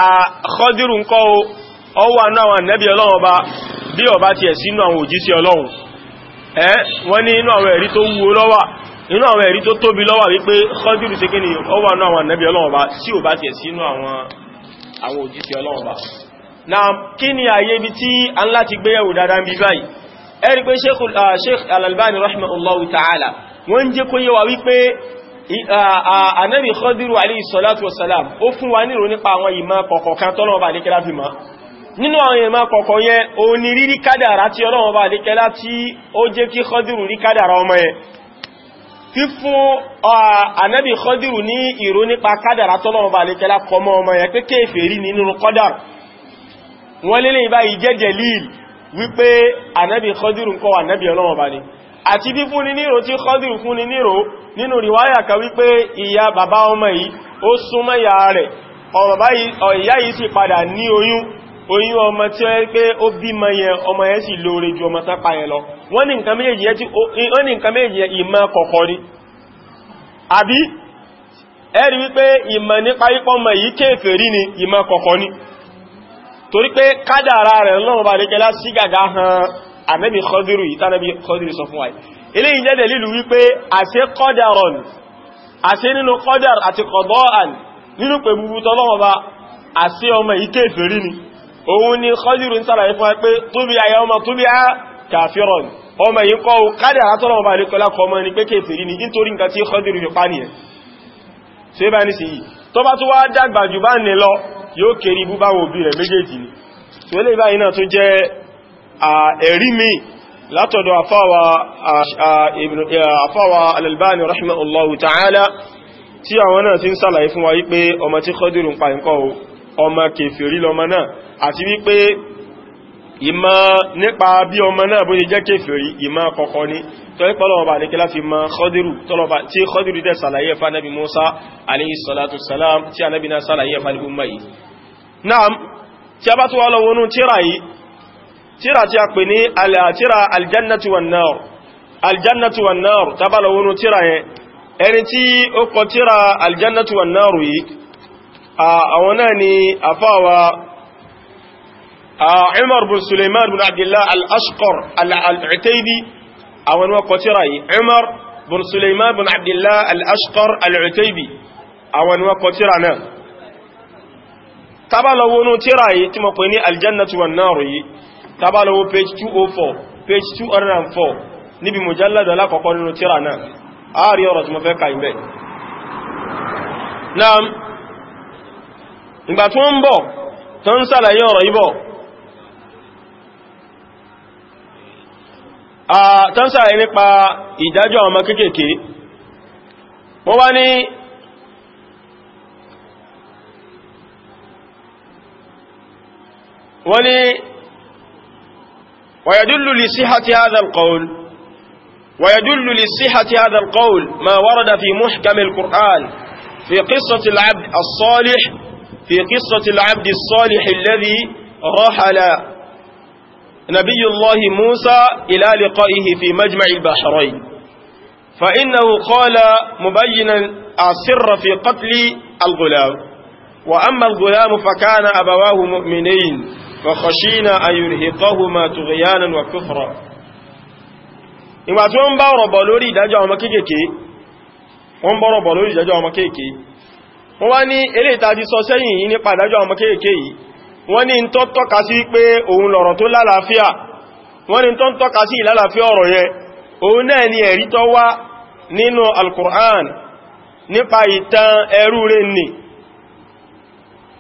àkọ́dírù ń kọ́ ó wà náà àwọn ànábì ọlọ́run ọba bí ọba ti ẹ̀ sínú àwọn òjíṣẹ́ ọlọ́run ẹ́ wọ́n ní inú àwọn ẹ̀rí tó wúwo lọ́wà inú àwọn ẹ̀rí tó tóbi lọ́wà wípé kọ́dírù sí kíni ó wà náà àwọn ànábì ọlọ́run ọba tí ò ti ẹ̀ sínú àwọn ni àyè ibi tí a ń láti gbéyẹ̀wò dáadáa ń bí ah, Sheikh Al-Albani rahimahullahu ta'ala wọ́n jẹ́ wa wípé ànábì Khadiru alayhi salatu wassalam ó fún wa níro nípa àwọn ìmọ̀ kọ̀kọ̀ kan tọ́lọ̀ ọba àdíkẹ́lá fi mọ́ nínú àwọn ìmọ̀ kọ̀kọ̀ yẹn ó ní rírí kádàrá tí Ọlọ́run ọba àdíkẹ́lá tí ó jẹ́ kí Khadiru rí kádàrá ọmọ yẹn fífún ànábì Khadiru ní ìró nípa kádàrá tọ́lọ̀ ọba àdíkẹ́lá kọmọ ọmọ yẹn pé kéèfèrí nínú kádàrá wọ́n lélẹ̀ ìbáyìí jẹ́jẹ̀ líìl wípé ànábì Khadiru ń kọ́ ànábì Ọlọ́run ọba ni àti fífún ní nírò tí Khadiru fún ní nírò nínú ríwáyà kan wípé ìyá bàbá ọmọ yìí ó súnmọ́ ìyá rẹ̀ ìyá yìí sì padà ní oyún oyún ọmọ tí ó pé ó bímọ yẹn ọmọ yẹn sì lóore ju ọmọ sápa yẹn lọ wọ́n ní nǹkan méjì yẹn ìmọ̀ kọ̀kọ̀ ni àbí ẹ̀rí wípé ànábì Khadiru yìí tánàbí Khadiru sọ fún wa eléyìí jẹ́ dẹ̀lílù wípé àṣẹ kọ́dàrọ̀n àṣẹ nínú kọ́dàr àti kọ̀dọ́àn nínú pé búbú tọ́lọ́wọ́ba àṣẹ ọmọ ike ìfèrí ni òun ni Khadiru ń sàlàyé fún wa pé tóbi àyà ọmọ tóbi á kàfírọ̀n ọmọ yìí kọ́ kádàrá tọ́lọ́wọ́ba àríkọlá kọ́ ọmọ ni pé kéfèrí ni nítorí nǹkan tí ẹ̀rí mi látọ̀dọ̀ àfáwà al-Albani rahimahullahu ta'ala tí àwọn náà ti ń sàlàyé fún wa wípé ọmọ tí kọdìrún pa nǹkan o ọmọ kèfèrí lọmọ náà àti wípé ìmọ̀ nípa bí ọmọ náà bó ṣe jẹ́ kèfèrí ìmọ̀ kọ̀kọ́ ní tọ́lọ́pọ̀lọ́wọ́bà ní kílá fi mọ́ kọdìrú tí kọdìrú dẹ̀ sàlàyé fún anábi Musa alayhi salatu salam tíra tí a pè ní tíra aljannatu wan nar aljannatu wan nar tábàlà wọnú tíra yẹn ẹni tí ó kọ tíra aljannatu wan nar yìí àwọn náà ni àfáwà umar bin suleiman bin abdullah al-ashqar al-utaybi àwọn ni wọ́n kọ tíra yìí umar bin suleiman bin abdullah al-ashqar al-utaybi àwọn ni wọ́n kọ tíra náà wọnú tíra yìí tí mo pè ní aljannatu yìí tabalowo page 204 page 204 níbi mujallada alákọ̀ọ́kọ́ nínú tíra náà a rí ọ̀rọ̀ tí mo fẹ́ ka ìbẹ̀ náà ìgbà tó ń bọ̀ tó ń sàlàyé ọ̀rọ̀ yìí bọ̀ tó ń sàlàyé nípa ìdájọ́ àwọn ọmọ kéékèèké wọ́n wá ní wọ́n ní ويدل لصحة هذا القول ويدل لصحة هذا القول ما ورد في محكم القرآن في قصة العبد الصالح في قصة العبد الصالح الذي رحل نبي الله موسى إلى لقائه في مجمع البحرين فإنه قال مبينا أسر في قتل الغلام وأما الغلام فكان أبواه مؤمنين فخشينا أن يرهقهما ma وكفرا ìgbà tí wọ́n bá rọ̀bọ̀ lórí ìdájọ́ ọmọ kéèkéé wọ́n bá rọ̀bọ̀ lórí ìdájọ́ ọmọ kéèkéé wọ́n wá ní sọ sẹ́yìn yìí nípa ìdájọ́ ọmọ kéèkéé yìí wọ́n ní tó tọ́ka sí pé òun lọ̀rọ̀ tó lálàáfíà ni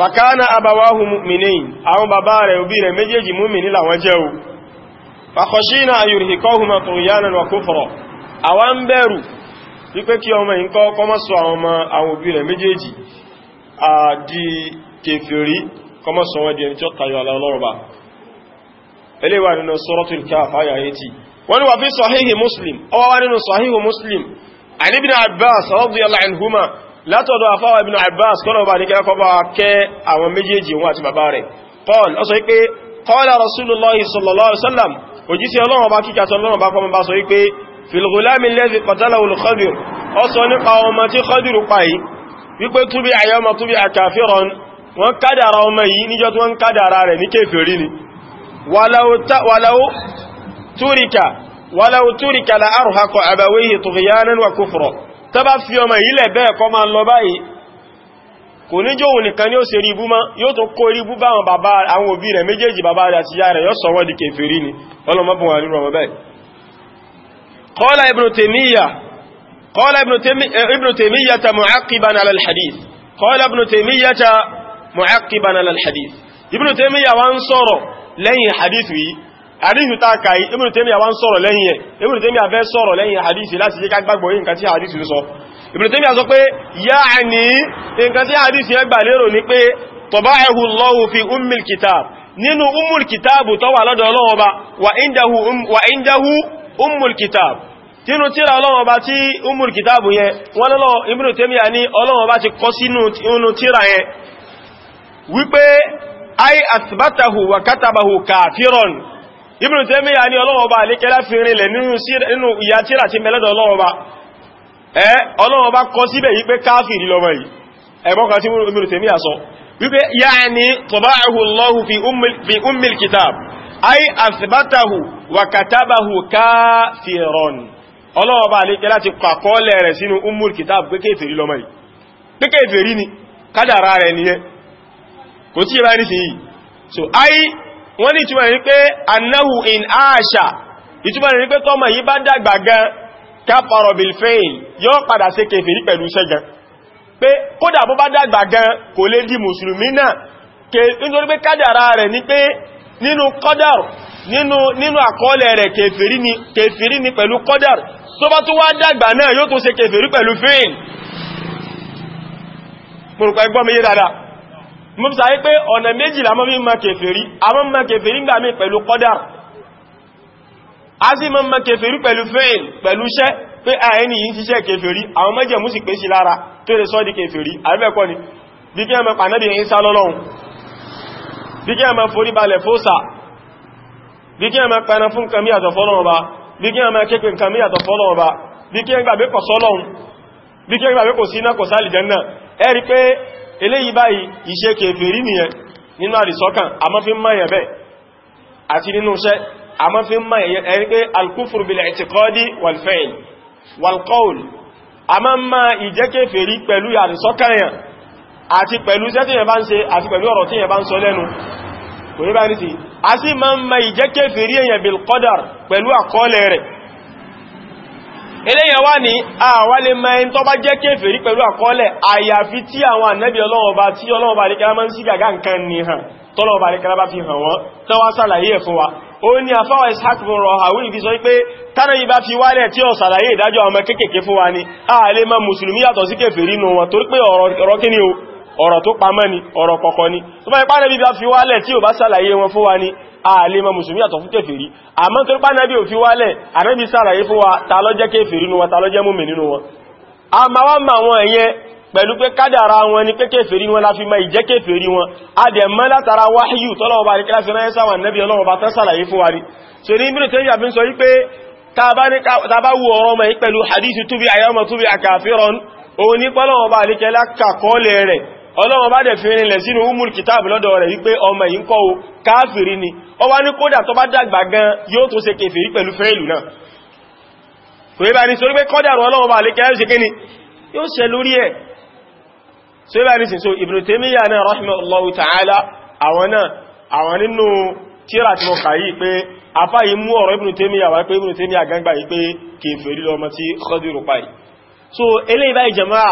fàkánà àbàwáhù mu'minin àwọn bàbá rẹ̀ òbí rẹ̀ méjèèjì múmìnì làwọn jẹ́ o fàkọ̀ṣínà àyùrìkọ́hùmà tó yánà wà kó fọ̀rọ̀ àwọn ń bẹ̀rù wípé kí ọmọ ìkọ́ kọmọ́sọ àwọn òbí rẹ̀ méjèèjì àdí kèfèrí kọmọ́sọ wọn di ẹni tí ó látọ̀dọ̀ àfáwà ibn Abbas kọ́nà bá ní kí akọ́ bá kẹ́ àwọn méjèèjì wọn àti bàbá rẹ̀ paul ó sọ wípé qala rasulullahi sallallahu alaihi wasallam òjíṣẹ́ ọlọ́run bá kíkà sọ ọlọ́run bá kọ́ bá sọ wípé fil ghulami alladhi qatalahu al-Khadir ó sọ nípa ọmọ tí Khadir pa yìí wípé túbí àyọ́mọ túbí àkàfíran wọ́n kádàrà ọmọ yìí níjọ́ tí wọ́n kádàrà rẹ̀ ní kéfèrí ni wàláwó túríkà la arhaqu àbàwéhì tughyanan wa kufra tó bá fi ọmọ ìlẹ̀ bẹ́ẹ̀ kọ́ máa lọ báyìí kò ní jò òun nìkan ní ó ṣe rí ibú mọ́ yóò tó kó rí ibú bá àwọn bàbá àwọn òbí rẹ̀ méjèèjì bàbá rẹ̀ àti ìyá rẹ̀ yóò sọ wọ́n di kèfèrí ni ọlọ́mọbùn wà nínú ọmọ bẹ́ẹ̀ àdíṣù tá a kàí Ibn Taymiyyah wá ń sọ̀rọ̀ lẹ́yìn ẹ̀ Ibn Taymiyyah fẹ́ sọ̀rọ̀ lẹ́yìn hadisi láti jẹ́ ká gbàgbọ́ yìí nǹkan tí hadisi sọ Ibn Taymiyyah sọ pé ya'ni nǹkan tí hadisi yẹn gbà lérò ní pé taba'ahu Allahu fi ummil kitab nínú ummul kitab tó wà lọ́dọ̀ Ọlọ́run Ọba wa indahu um, wa indahu ummul kitab nínú tíra Ọlọ́run Ọba tí ummul kitab yẹn wọ́n lọ́lọ́ Ibn Taymiyyah ní Ọlọ́run Ọba Ibn Taymiyyah ní Ọlọ́run Ọba àlékẹ́lá fi rinlẹ̀ nínú ìyá tíra ti mẹ́lẹ́dọ̀ Ọlọ́run Ọba ẹ́ Ọlọ́run Ọba kọ síbẹ̀ yí pé káàfìrí lọ́mọ yìí ẹ̀bọ́n kan tí Ibn Taymiyyah sọ wípé ya'ni taba'ahu Allahu fi ummil kitab ay athbatahu ni kádàrá so ay wọ́n ní ìtumọ̀ ní pé annahu in aṣa ìtumọ̀ ní pé tọ́mọ̀ yí bá dàgbà gan káfàrọ̀ bilfail yóò padà ṣe kèfèrí pẹ̀lú ṣẹ́gan pé kódà bó bá dàgbà gan kò lè di mùsùlùmí náà nítorí ní ni pẹ̀lú kọ́dàr tó bá tún wá dàgbà náà yóò tún ṣe kèfèrí pẹ̀lú mo fi sàyé pé ọ̀nà méjì la mọ́ fi ma kèfèrí a mọ́ ma kèfèrí gbà mí pẹ̀lú kọ́dà a sì mọ́ ma kèfèrí pẹ̀lú fẹ́ẹ̀l pẹ̀lú iṣẹ́ pé àyẹni yìí ṣiṣẹ́ kèfèrí àwọn mẹ́jẹ̀ mú sì pé sí lára tó lè sọ́ di kèfèrí àríbẹ̀kọ́ ni bí kí ẹmọ pànẹ́bì yìí sá lọ́lọ́run bí kí ẹmọ forí balẹ̀ fóòsà bí kí ẹmọ pẹ̀rẹ fún nǹkan mí àtọ̀fọ́lọ́run ọba bí kí ẹ̀rí pé eléyìí báyìí iṣẹ́ kèfèrí nìyẹn nínú àdìsọ́kàn a mọ́ fi ń mọ́ ẹ̀yẹ̀ bẹ́ẹ̀ àti nínú iṣẹ́ a mọ́ fi ń mọ́ ẹ̀yẹ̀ pé alkufur bil i'tiqadi wal fi'l wal qawl a mọ́ mọ́ ìjẹ́ kèfèrí pẹ̀lú àdìsọ́kàn yẹn àti pẹ̀lú iṣẹ́ tí kò yẹ bá ní sí a sì mọ́ mọ́ ìjẹ́ kèfèrí èyàn bil qadar pẹ̀lú àkọọ́lẹ̀ rẹ̀ eléyàn wá ní àwà lè mọ ẹni tó bá jẹ́ kéfèrí pẹ̀lú àkọọ́lẹ̀ àyàfi tí àwọn ànẹ́bí ọlọ́ọ̀bá tí ọlọ́ọ̀bá àríkẹ́lá máa ń sí gàgá nǹkan ní hàn tọ́lọ̀ọ̀bá àríkẹ́lá bá fi hàn wọ́n tó wá sàlàyé ẹ̀ fún wa ó ní àfáwà ishaq bin rahawí fi sọ pé tánàyí bá fi wálẹ̀ tí ó sàlàyé ìdájọ́ ọmọ kéèkéé fún wa ni a lè mọ mùsùlùmí yàtọ̀ sí kéfèrí nù wọn torí pé ọ̀rọ̀ kí ni ọ̀rọ̀ tó pamọ́ ni ọ̀rọ̀ kọ̀kọ̀ ni tó bá ipá nẹ́bí bá fi wálẹ̀ tí ò bá sàlàyé wọn fún wa ni àlèmọ̀ mùsùlùmí àtọ̀ fún kèfèrí àmọ́ tó pàá náàbí òfin wálẹ̀ àrẹ́bí sàlàyé fún wa ta ló jẹ́ kèfèrí nínú wọn ta ló jẹ́ múmi nínú wọn a ma wá ma wọn ẹ̀yẹ pẹ̀lú pé kádàrá wọn ni pé kèfèrí wọn láfi ma ìjẹ́ kèfèrí wọn a dẹ̀ mọ́ látara wáhíyù tọ́lọ́wọ́ bá ní kẹ́lá kàkọ́ọ̀lẹ̀ ọlọ́wọ́n bá dẹ̀ fi rinlẹ̀ sínú umul kitab lọ́dọ̀ rẹ̀ wípé ọmọ yìí ń kọ́ o káàfìrí ni ó wá ní kódà tó bá dàgbà gan yóò tó ṣe kèfèrí pẹ̀lú fẹ́ẹ̀lù náà kò yíba ní sórí pé kọ́dàrù ọlọ́wọ́n bá lè kẹ́ẹ̀ ṣe kíni yóò ṣẹ lórí ẹ̀ so yíba ní sin so Ibn Taymiyyah náà rahimahullahu eléyìí báyìí jama'a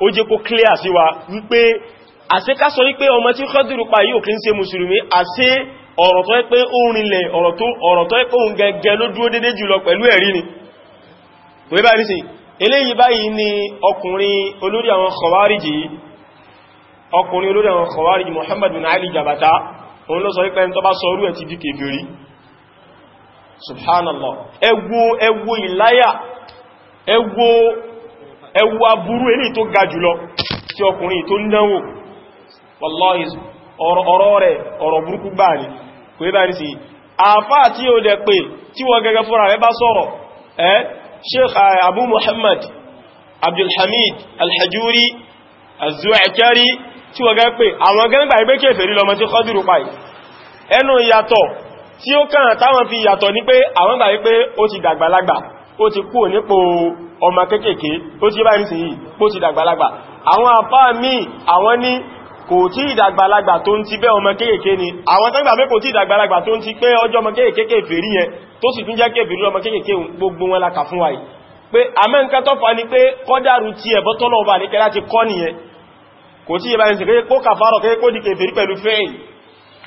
ó jẹ́ kó clear sí wa wípé àṣẹ ká sọ wípé ọmọ tí Khadiru pa yóò kí ń ṣe mùsùlùmí àṣẹ ọ̀rọ̀ tó pé ó rinlẹ̀ ọ̀rọ̀ tó pé òun gẹ́gẹ́ ló dúró dédé jùlọ pẹ̀lú ẹ̀rí ni wé bá rísìn eléyìí báyìí ni ọkùnrin olórí àwọn Khawariji ọkùnrin olórí àwọn Khawariji Muhammad bin Ali Jabata òun ìláyà ẹ ẹwọ aburú eléyìí tó ga jùlọ tí ọkùnrin tó náwó wallahi ọ̀rọ̀ rẹ̀ ọ̀rọ̀ burúkú gbà ní kò yí bá ní sí àfá tí ó dẹ̀ pé tí wọ́n gẹ́gẹ́ fúnra rẹ̀ bá sọ̀rọ̀ ẹ́ sheikh eh, abu muhammad abdulhamid alhajuri azuakari tí wọ́n gẹ́gẹ́ pé àwọn gẹ́gbà ẹgbẹ́ kèfèrí lọmọ tí kọdùrù pa ẹnu yàtọ̀ tí ó kàn táwọn fi yàtọ̀ ní pé ó ti kú nípò ọmọ kéékèèké ó ti bá ìrìnsìn yìí kó ti dàgbàlagbà àwọn àpá mi àwọn ní kò tí ìdàgbàlagbà tó ń ti bẹ́ ọmọ kéékèèké ni àwọn tẹ́gbà pé kò tí ìdàgbàlagbà tó ń ti pé ọjọ́ ọmọ kéékèèké fèrí yẹn tó sì la kà fún wa yìí pé àmẹ́ nǹkan tó ni pé kọ́dàrú ti ẹ̀bọ́ tọ́lọ̀ ọba àníkẹ́ láti kọ́ nìyẹn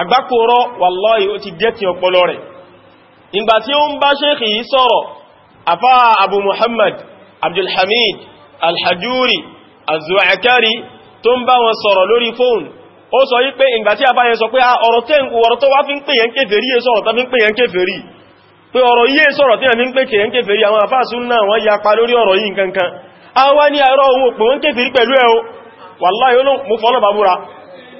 àgbákòrọ wallahi ó ti gẹ́tì ọpọlọ rẹ̀ ìgbà tí ó ń bá ṣéèkì yìí sọ̀rọ̀ afá abu muhammad abdulhamid alhajuri azuakari tó ń bá wọn sọ̀rọ̀ lórí fóònù ó sọ yí pé ìgbà tí afá yẹn sọ pé ah, ọ̀rọ̀ tó wá fi ń pè yẹn kéfèrí yẹ sọ̀rọ̀ tó fi ń pè yẹn kéfèrí pé ọ̀rọ̀ yíé sọ̀rọ̀ tí ẹ̀mí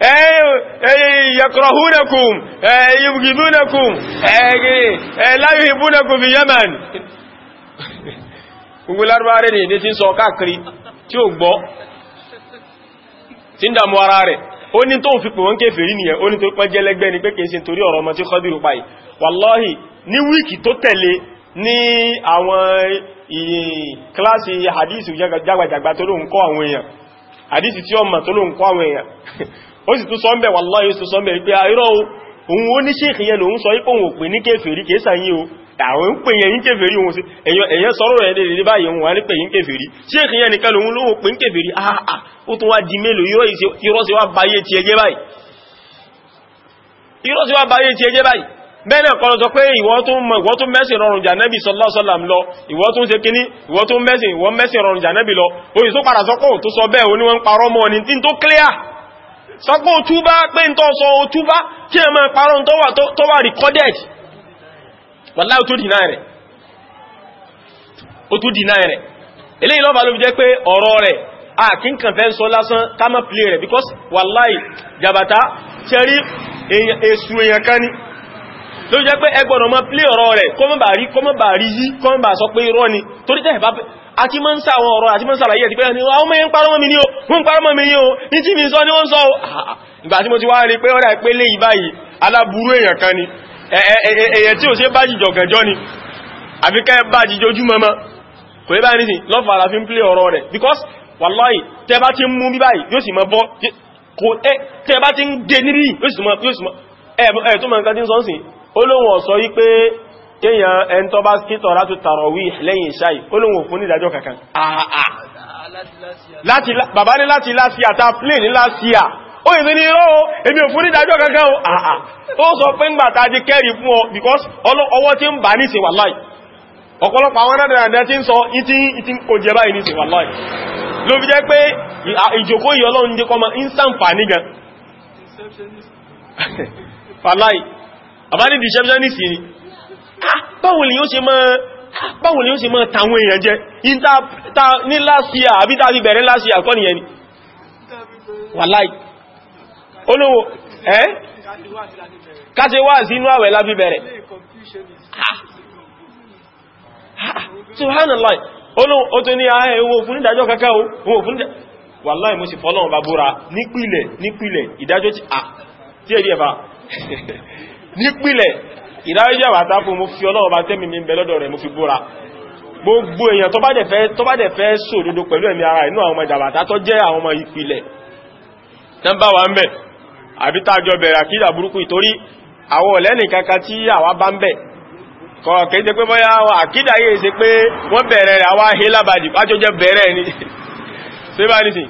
yakrahunakum yubghidunakum la yuhibbunakum fi yaman gbogbo lárúbárẹ́ ni èdè tí ń sọ káàkiri tí ó gbọ́ tí ń dàmú ara rẹ̀ ó ní nke fi pè wọ́n kèfèrí nìyẹn ó ní ni pé kìí ṣe nipe ọ̀rọ̀ ntori tí Khadiru páyì wàláhì ní wíìkì ni tẹ̀lé ní àwọn kíláàsì hadisi jágbàjàgbà hadisi ó sì tún sọ́mbẹ̀ wallahi tún sọ́mbẹ̀ pé àìrọ́ ah, ohun ó ní ṣéèkì yẹn lòun sọ ipò òun pè ní kéfèrí kéèsà yí o àwọn ń pè yẹn ní kéfèrí ohun sí èyàn sọ́rọ̀ rẹ̀ lè báyìí ohun wà ní pè yí kéfèrí ṣéèkì yẹn nìkan lòun lóhun pè ní kéfèrí àà ah, ah, ó tún wá di mélòó irọ́ sí wá báyé ti ẹjẹ́ báyìí bẹ́ẹ̀nà kọ́lọ̀ sọ pé ìwọ́ tún mẹ́sìn rọrùn jànẹ́bì sọlọ́sọlàm lọ ìwọ́ tún ṣe kíní ìwọ́ tún mẹ́sìn rọrùn jànẹ́bì lọ oyin tó padà sọ́kọ̀ tó sọ bẹ́ẹ̀ oníwọ́n parọ́ mọ́ ní tí tó clear sọpọ̀ òtúbá pé ń tọ́ sọ òtúbá kí ẹ máa parọ́ tó wà recorded wàláhí ó tún dìná rẹ̀ ó tún dìná rẹ̀ eléyìí lọ́bàá ló fi jẹ́ pé ọ̀rọ̀ rẹ̀ àkínkàn fẹ́ sọ lásán ká play rẹ̀ because wàláhí jàbàtá tẹ́rí èsù èèyàn kan ní ló jẹ́ pé ẹgbọ̀nà má play ọ̀rọ̀ rẹ̀ kọ́mọ̀bà rí kọ́mọ̀bà rí yí kọ́mọ̀bà sọ pé irọ́ ni torí tẹ́ àti máa ń sá àwọn ọ̀rọ̀ àti máa ń sàlàyé ẹ̀ ti pẹ́ ní ah, ọmọ yẹn parọ́ mọ́ mi ní o wọ́n parọ́ mọ́ mi ní o ní tí mi sọ ní wọ́n sọ ah, ìgbà tí mo ti wá rí pé ọ̀rẹ́ pé lè ìbáyìí aláburú èèyàn kan ni èyẹ tí ò ṣe bá jìjọ gànjọ́ ni àfi kẹ́ bá jìjọ ojú mọ́mọ́ kò yẹ báyìí nìsìn lọ́fà ara fi ń plé ọ̀rọ̀ rẹ̀ because wallahi tẹ́ bá ti ń mú bí báyìí yóò sì mọ́ bọ́ tẹ́ bá ti ń gé nírí yóò sì mọ́ ẹ̀ tó mọ̀ nǹkan tí ń sọ́nsìn ó lóhun ọ̀sọ́ yí pé kíyàn ẹn tó bá kítọ̀ látò tàrọ̀wí lẹ́yìn ìṣáì olóhun òfin ìdájọ́ kankan bàbá ní láti látíà ta plane ní látíà ó ìdí ní irọ́ èmi òfin ìdájọ́ kankan ó sọ pé ńgbà ta jí kẹ́rì fún ọ because ọwọ́ tí ń bà ní ṣe wàláì ọ̀pọ̀lọpọ̀ àwọn rádàrádà tí ń sọ ìtí kò jẹ báyìí ní ṣe wàláì ló fi jẹ́ pé ìjòkó ìyọlọ́run jẹ́ kọmọ ìsànfà nígan fàláì àbá ní deceptionist ni báwo ni yóò ṣe tàwọn èèyàn jẹ ní láṣíà bẹ̀rẹ̀ láṣíà kọ́ nìyẹn ni wàláì olówó ẹ́ káṣe wá sí inú àwẹ̀ lábí bẹ̀rẹ̀ subhanallah olówó o tó ní ahẹ́ owó fún ìdájọ́ kankan owó fún ìdájọ́ ah, ìdáríjì àwàtá fún mo fi ọlọ́wọ́ bá tẹ́mì mi bẹ̀lọ́dọ̀ rẹ̀ mo fi búra gbogbo èèyàn tó bá dẹ̀ fẹ́ tó bá dẹ̀ fẹ́ sòdodo pẹ̀lú ẹ̀mí ara inú àwọn ọmọdé ìjàbàtá tó jẹ́ àwọn ọmọ ìpìlẹ̀ tẹ́mbà wà ń bẹ̀ àbí tájọ bẹ̀rẹ̀ burúkú ìtorí àwọn tí àwa bá ń bẹ̀ pé bọ́yá yìí ṣe pé wọ́n bẹ̀rẹ̀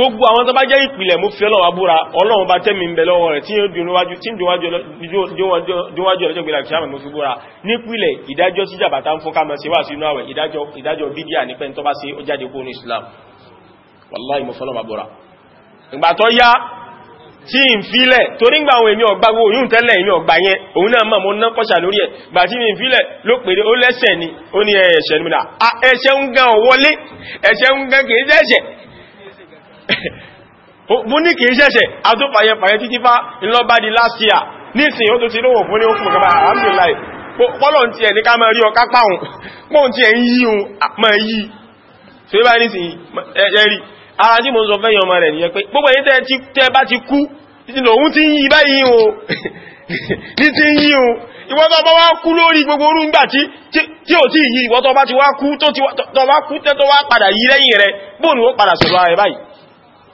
gbogbo àwọn tó bá jẹ́ ìpìlẹ̀ mú fi ọlọ́wà búra ọlọ́run bá tẹ́mi ń bẹ lọ́wọ́ rẹ̀ tí ó dúnwájú ọjọ́ gbẹ̀rẹ̀ kìí àmì mú fi búra nípìlẹ̀ ìdájọ́ tí jàbàtà ń fún ká mọ́ sí wà sínú àwẹ̀ ìdájọ́ bídíà ní pẹ́ntọ́ bá sí ó jáde kó ní Islam wallahi mo fọ́lọ́wà búra ìgbà tó yá tí ń fílẹ̀ torí ń gba àwọn èmi ọ̀gbá gbogbo yóò tẹ́lẹ̀ èmi ọ̀gbá yẹn òun náà mọ̀ mọ́ ná kọ́ṣà lórí ẹ̀ gbà tí mi ń fílẹ̀ ló pèrè ó lẹ́sẹ̀ ni ó ní ẹ̀ẹ̀ṣẹ̀ ni mo dà ẹ̀ṣẹ̀ ń gan ọ̀wọ́lé ẹ̀ṣẹ̀ ń gan kìí ṣẹ̀ṣẹ̀ mo ní kìí ṣẹ̀ṣẹ̀ àtúpàyẹpàyẹ títí fá ìlọ́bá di last year nísìn ó tó ti lówò fún ní ó fún kọba alhamdulillah pọ́lọ̀ tí ẹ̀ ní ká máa rí ọká pàun pọ́n tí ẹ̀ ń yí un máa yí so ibá nísìn ẹ̀rí ara tí mo sọ fẹ́ yọ ọmọ rẹ̀ nìyẹn pé gbogbo ẹ̀yìn tẹ́ bá ti kú lòun ti ń yí báyìí o ní ti ń yí o ìwọ́tọ̀ bá wá kú lórí gbogbo orú ńgbà tí ò tí yí ìwọ́tọ̀ bá ti wá kú tó wá padà yí lẹ́yìn rẹ̀ bóòlù ó padà sọ̀rọ̀ rẹ̀ báyìí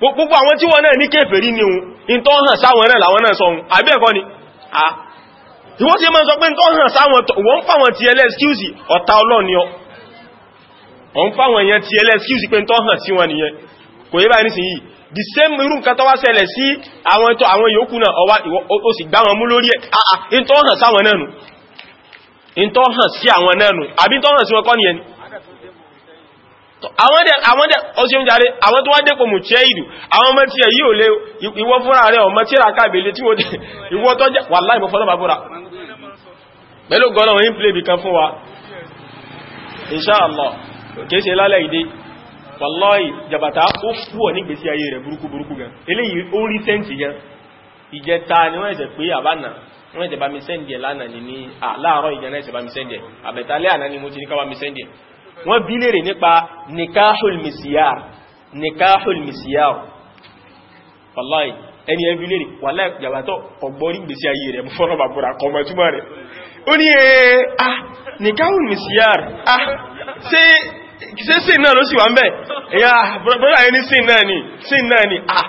gbogbo àwọn tí wọ́n náà ní kéfèrí ní ohun ìntọ́ hàn sáwọn náà làwọn náà sọun àbí ẹ̀kọ́ ni a ìwọ́n tí ma sọ pé ìntọ́ hàn sáwọn wọ́n fáwọn ti ẹlẹ́ excuse ọ̀tá ọlọ́ni ọ wọ́n fáwọn yẹn ti ẹlẹ́ excuse pé ìntọ́ hàn sí wọn nìyẹn kò yẹ báyìí nísìnyí the same irú nǹkan tó wá ṣẹlẹ̀ sí àwọn tó àwọn yòókù náà ọwá ó sì gbá wọn mú lórí ẹ̀ àà ìntọ́ hàn sáwọn náà nù ìntọ́ hàn sí àwọn náà nù àbí ìntọ́ hàn sí wọn kọ́ nìyẹn ni àwọn dẹ̀ àwọn dẹ̀ ó ṣe ń jàre àwọn tó wá dẹ́pọ̀ mù tí ẹ ìdù àwọn ọmọ tí ẹ yìí ò lè ìwọ fúnra rẹ̀ ọmọ tí ìràká ìbèlè tí ìwọ tó jẹ́ wà láì mọ́fọ́lọ́bà búra pẹ̀lú gọ́nà wọ́n ń plé bì kan fún wa Insha Allah kéèṣe lálẹ́ ìdé wallahi jàbàtà ó gan eléyìí ó rí sẹ́ǹtì gan ìjẹta ni wọ́n ẹ̀sẹ̀ pé àbánà wọ́n ẹ̀sẹ̀ bá mi sẹ́ǹdì ẹ̀ lánàá ní àláàárọ̀ ìjẹ́ náà ẹ̀sẹ̀ bá mi sẹ́ǹdì ẹ̀ àbẹ̀tálẹ́ àná ni mo ti ní ká bá wọ́n bí lèrè nípa nikahul misiyar nikahul misiyar wallahi ẹni ẹbí lèrè wallahi jàbátọ̀ ọgbọ́rí gbèsè ayé rẹ̀ mú fọ́nà bàbúrà kọmọ túnmọ̀ rẹ̀ ó ní ẹ̀ ah nikahul misiyar ah ṣe ṣe sin náà ló sì wà ń bẹ̀ ẹ̀yà brọ́dà ẹni sin náà ni sin náà ni ah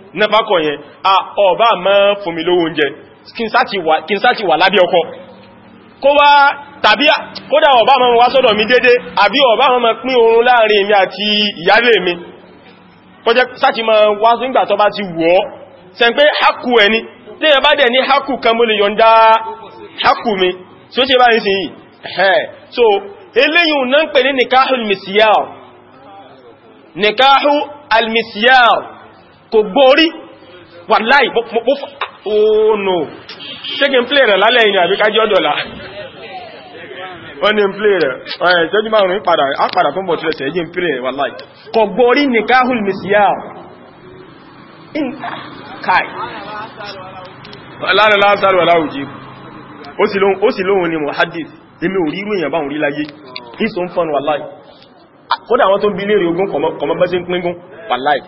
nẹ́fàkọ̀ yẹn a ọba mọ́ fún mi lówó oúnjẹ kí n sáti wà lábẹ́ ọkọ kó wá tàbí kódà ọba mọ́ wá sọ́dọ̀ mi dédé àbí ọba mọ́ pín oorun láàrin mi àti ìyálé mi kọjẹ́ sáti mọ́ wá nígbà tó bá ti wọ́ sẹ pé haku ẹni tí ẹ bá dẹ̀ ní haku kan mo lè yọ̀ǹda haku mi tí ó ṣe bá ń sin yìí so eléyìn náà ń pè ní nìkáhù almisiyar kò gbóorí wà láì oòrùn ṣégi ń plé rẹ̀ lálẹ́ ìní àbí kájí ọdọ̀lá wọ́n ni ń plé rẹ̀ ṣẹ́jú márùn-ún padà ápàdà tó ń bọ̀ tilẹ̀ ṣẹ́jí ń plé rẹ̀ wà láì kò gbóorí ní káhùl mìsíyà kai láàrín láàrín aláwùjí ó sì lóhun ni mohadis èmi ò ríru èyàn báhùn rí láyé ìsọ ń fọ́nù wàláì kódà àwọn tó ń bí lérí ogún kọmọ bá ṣe ń pín gún wàláì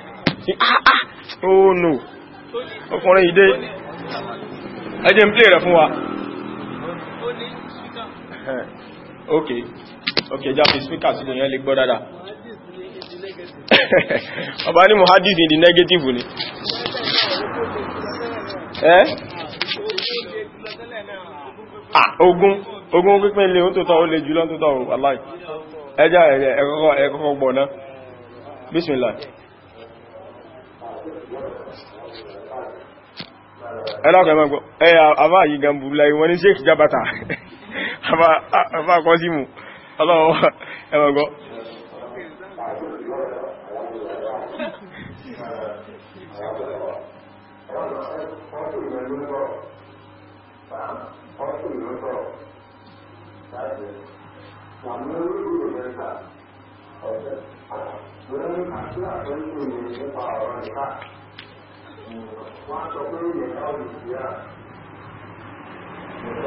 sí àà oh no ọkùnrin ìdé ẹjẹ́ ń plé rẹ̀ fún wa ok ok jáfi speaker sí ìyẹn lè gbọ́ dáadáa ọba ní mohadis ní di negative ni ẹ́ ogun ogun pípín lè ó tó tọ́ ó lè jùlọ tó tọ́ wàláì ẹjá ẹ̀kọ́kọ́ gbọ̀ náà bismillah ẹlọ́kọ̀ ẹmọ́gbọ́ ẹ̀yà àbá yìí gan búrúlá ìwọ̀n ní sheik jabata àbá kọ́ sí mú ọlọ́wọ́ ẹmọ́gbọ́ Thank you. 人看起来跟自己没法儿看，嗯，光说归也着急啊，没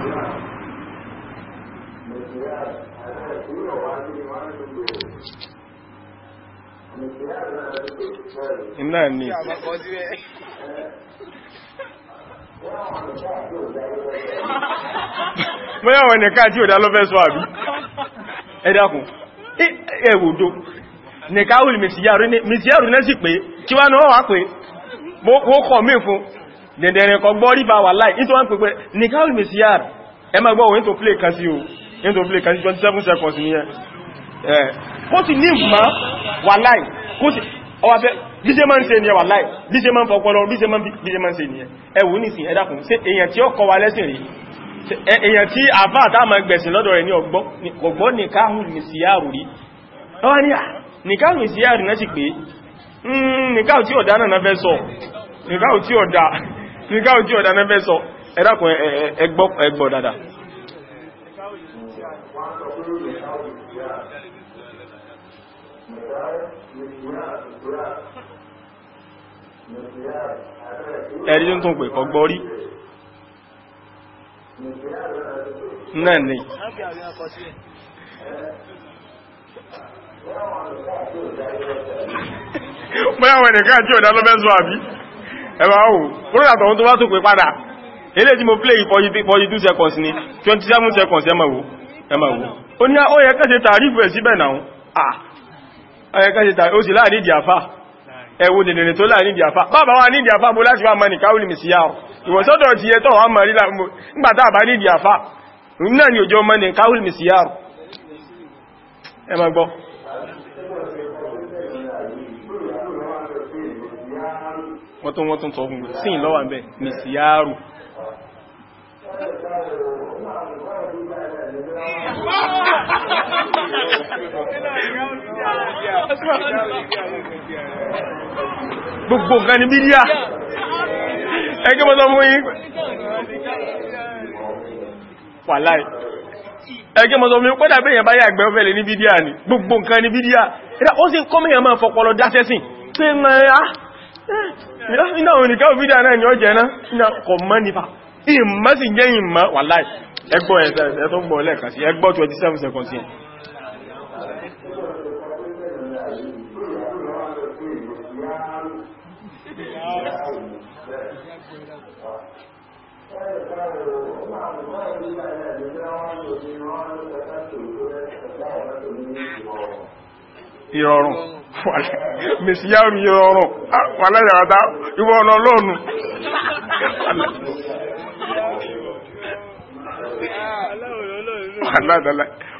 急啊，没急啊，还是只有啊，这地方是有。iná ẹ̀dàkùn ẹ̀wòdó nìkáwùl mìtíyàrù náà sì pé kí wá náà wà pé wó kọ̀ mí fún dẹ̀dẹ̀rẹ̀ kọ gbọ́ ríbà wà láì nítorí wọ́n pẹ̀pẹ̀ nìkáwùl mìtíyàrù play kan sí ní tó play kan sí 27 seconds ní ẹ kó sì ní ìmá wà láì kó sì ọwà fẹ́ bí ṣe máa ń ṣe ní ẹwà láì bí ṣe máa ń fọpọlọ èyàn tí àfá àtàmà gbẹ̀sìn lọ́dọ̀ rẹ̀ ní ọgbọ́ ní síyàrù rí ọwá ní nìkáhùn ní síyàrù náà sì pé hmm, nìkáhùn tí ọ̀dá náà fẹ́ sọ ẹ̀dàkùn ẹgbọ́ dada ẹ̀rí tó ń pè rí náà ni mọ́yàwó ẹ̀nìkan tí ò dá lọ́bẹ́sọ́ àbí ẹ̀bà áwò kúròdàtọ̀ tó bá tó pè padà ilé tí mo play for you seconds ni 27 seconds ẹmọ̀wó ẹmọ̀wó ó ní ó yẹ kẹ́sẹ̀ tàrífù ẹ̀ síbẹ̀ náà ó yẹ kẹ́sẹ̀ tàrífù ó sì láàrin ìdí àfá ẹwò dèdèrè tó láàrin ìdí àfá bàbá ní ìdí àfá bó láti wá mọ́ ìwọ̀sọ́dọ̀ ti yẹ tọ́wọ́ mọ̀ rílà nígbàtà àbá ní ìdí àfá náà ni òjò mọ́ni káhùl mìsíyàrù ẹ má gbọ́ wọ́n tó wọ́n tó tọ́ fún sí gbogbo nǹkan ẹgbẹ́ mọ́sán mú yí wàláì ẹgbẹ́ mọ́sán mú pọ́dà bẹ́yàn bá yà gbẹ́ọ́fẹ́ lè ní bídíà ní gbogbo nǹkan ní bídíà ẹ̀dà ó sì kọ́ mẹ́yàn máa fọpọlọ dáṣẹ́sìn tí ẹgbọ́ 27 seconds yẹn ìrọ̀rùn mẹ̀síyàrù ìrọ̀rùn pàlẹ́yàrádá ah, ìwọ ọ̀nà lọ́nù aláàdàlá ah,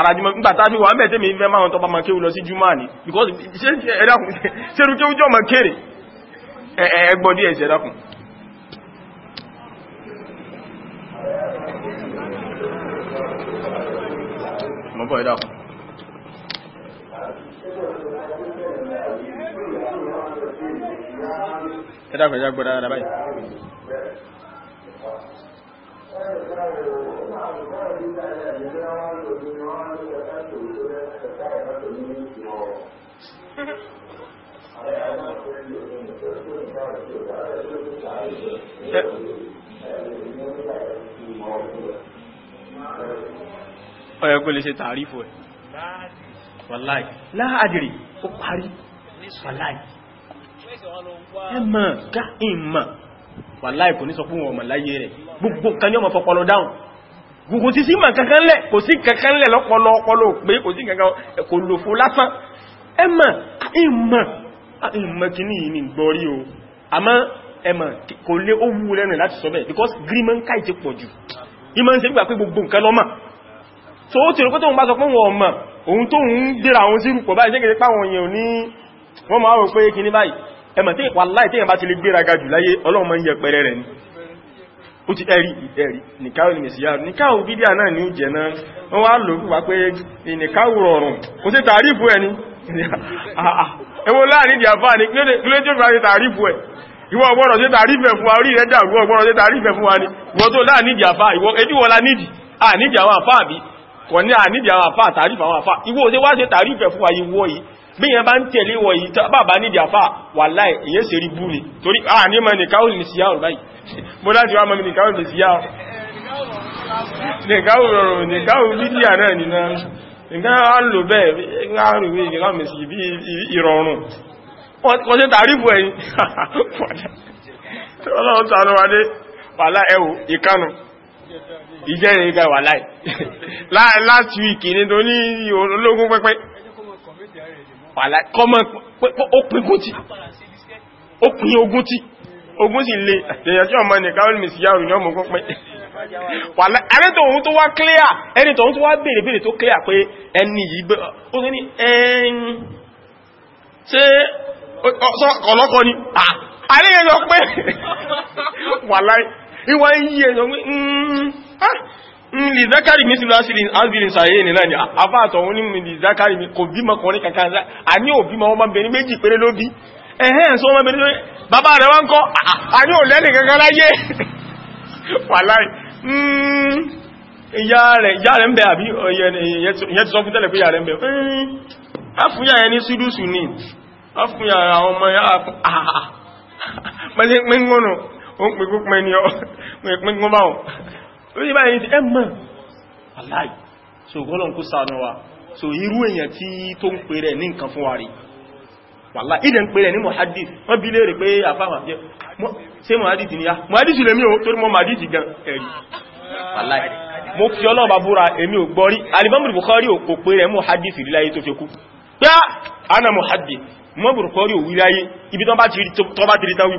àràjùmọ̀ nígbàtàbí wà mẹ́tẹ́ mi fẹ́ máa tọpa makéwù lọ sí jùmọ́ ní because jọ mọ̀ kéré ẹgbọ́dí ẹ̀ṣẹ̀ dákùn mọ́bọ̀ ìdákùn ẹ̀dàkùn ẹ̀dàkùn ẹ̀dàkùn ọ̀yọ́ kó lè ṣe tààrífò ẹ̀ wàláì láàdìrí ó parí wàláì ẹmọ̀ ká ìmọ̀ wàláì kò ní sọ fún ọmọ láyé rẹ̀ gbogbo kan ní ọmọ fọpọlọ dáhùn gbogbo sí sí ma kankan lẹ̀ kò sí kankan lẹ̀ lọ́pọlọ ọpọlọ pé kò sí kankan kò lò fún lásán ẹmà ìmà ìmà kì ní ìní gbọ́rí o àmá ẹmà kò lé ó wú lẹ́nu láti sọ bẹ́ẹ̀ because agreement káì ti pọ̀ jù ìmà ń ṣe gbà pé gbogbo nǹkan lọ́mà so ó ti rò pé tóun bá sọ pé wọn ọmọ òun tóun dèrà àwọn sírùpọ̀ báyìí ṣé kìí pàwọn èèyàn ní wọ́n máa rò pé kìí ẹmọ̀ tí wàláhì tí èyàn bá ti lè gbéraga jù láyé ọlọ́run máa ń yẹpẹrẹ rẹ̀ ni ó ti ẹ̀rí ẹ̀rí nìkáwò ní mẹ̀síyàrù nìkáwò bídíà náà ní jẹ náà wọ́n wá lò wá pé nìkáwò rọrùn kò sí tàrífù ẹ̀ ni ẹwọ láàrin ìdíàfà ní kílódé bá ti tàrífù ẹ̀ ìwọ ọgbọ́rọ̀ sí tàrífù ẹ̀ fún wa orí rẹ̀ dàrú ọgbọ́rọ̀ sí ni ìwọ tó láàrin ìdíàfà ìwọ ẹjú wọ́n la nídìí ànídìí àwọn àfáà bí kò ní ànídìí àwọn àfáà tàrífù àwọn àfáà ìwọ ò sí wá bí yẹn bá ń tẹ̀lé wọ̀ yìí bàbá nídìí àfà wàláhì èyẹ ṣe rí búni torí à ah, ní mọ̀ nìkáwò lè sí yàwó báyìí mo láti wá mọ̀ nìkáwò lè sí yàwó nìkáwò rọrùn nìkáwò bídíà náà nìna nǹkan á lò bẹ́ẹ̀ láàrin ìwé ìgbà mẹ́sì bí ìrọ̀rùn wọ́n ṣe tàrífù ẹ̀yìn ọlọ́run sànú wadé wàlá ẹ̀wò ìkánu ìjẹ́rin ìgbà wàlá ẹ̀ láti wíkì nítorí ológun pẹ́pẹ́ pàlá kọmọ ó pín kún tí ó pín ogún tí ogún sì lè èyàn tí ọmọ nìkan ó mìsí yàrù ní ọmọ pín pàlá ẹni tó ohun tó wá clear ẹni tó ohun tó wá bèèrè bèèrè tó clear pé ẹni yìí gbé ó ní ẹn ṣe ọlọ́kọ ni àríyànjọ pé wà láì ìwọ̀n yíyẹ ní zakari mi sílò asìlì sàyẹ́ ní náà ni àfáàtọ̀ wọn ní zakari kò bímọ kọrin kankan a ní òbí ma wọ́n bá bẹni méjì péré ló bí ẹ̀hẹ́n sọ wọ́n bẹni bàbá rẹ̀ wọ́n kọ́ a ní òlẹ́nì kankan láyé wàláì ìyá lórí báyìí ti ẹmọ̀ aláì so gọ́lọ̀n kó sànà wa so irú èyàn tí tó ń pèrè ní nǹkan fún wa rí wàlá ìdẹ̀ ń pèrè ní mohadis wọ́n bí léèrè pé àfáwà ṣe mohadis ya mohadis lèmi o torí mọ́ mohadis gan ẹ̀rí wàlá mo fi ọlọ́run bá búra èmi ò gbọ́rí alimọ́mù Bukhari ò pèrè mohadis rí láyé tó fi kú pé ah, ana mohadis mọ́mù Bukhari ibi tó bá ti rí tán wí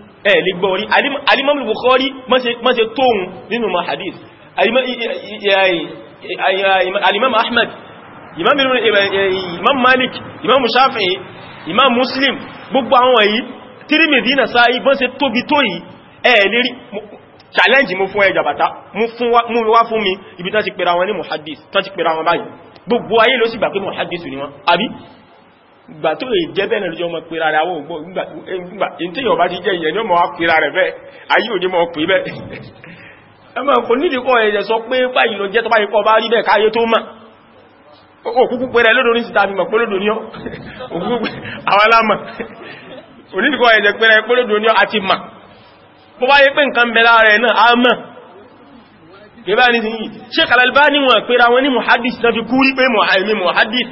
ẹ̀ lè gbọ́ rí alimọ́mù Bukhari mọ́ se tóhun nínú ma hadith alimọ́mù Ahmed imam Malik imam Shafi'i imam Muslim gbogbo àwọn èyí Tirmidhi na sáyí bọ́n se tóbi tó yìí ẹ̀ lè rí challenge mú fún ẹjàbàtá mú wá fún mi ibi tán ti pèrà wọn ní hadith tán ti pèrà wọn báyìí gbogbo ayé ló sì gbà pé muhaddis ni gbà tó lè jẹ́ bẹ́ẹ̀ lójọ́ mọ́ pèrà rẹ̀ àwọn ògbọ́ ìgbà tí yọ̀bá ti jẹ́ ìyẹn ni ó mọ́ pèrà rẹ̀ bẹ́ẹ̀ ayé òní mọ́ pè bẹ́ẹ̀ ẹmọ́ kò nídìíkọ́ ẹ̀yẹ sọ pé báyìí ló jẹ́ tó báyìí kọ́ bá rí bẹ́ẹ̀ káyé tó mọ́ òkúkú pẹ̀rẹ̀ lódò ní síta mímọ̀ pólódò ní ọ́ àwọn alámọ̀ onídìíkọ́ ẹ̀yẹ pẹ̀rẹ̀ pólódò ní ọ́ àti mà bó bá yẹ pé nǹkan bẹ̀rẹ̀ rẹ̀ náà á mọ̀ kẹbàá ní sí yìí Sheikh Al-Albani níwọ̀n pẹ̀rẹ̀ àwọn ní muhaddis náà fi kú rí pé muhaddis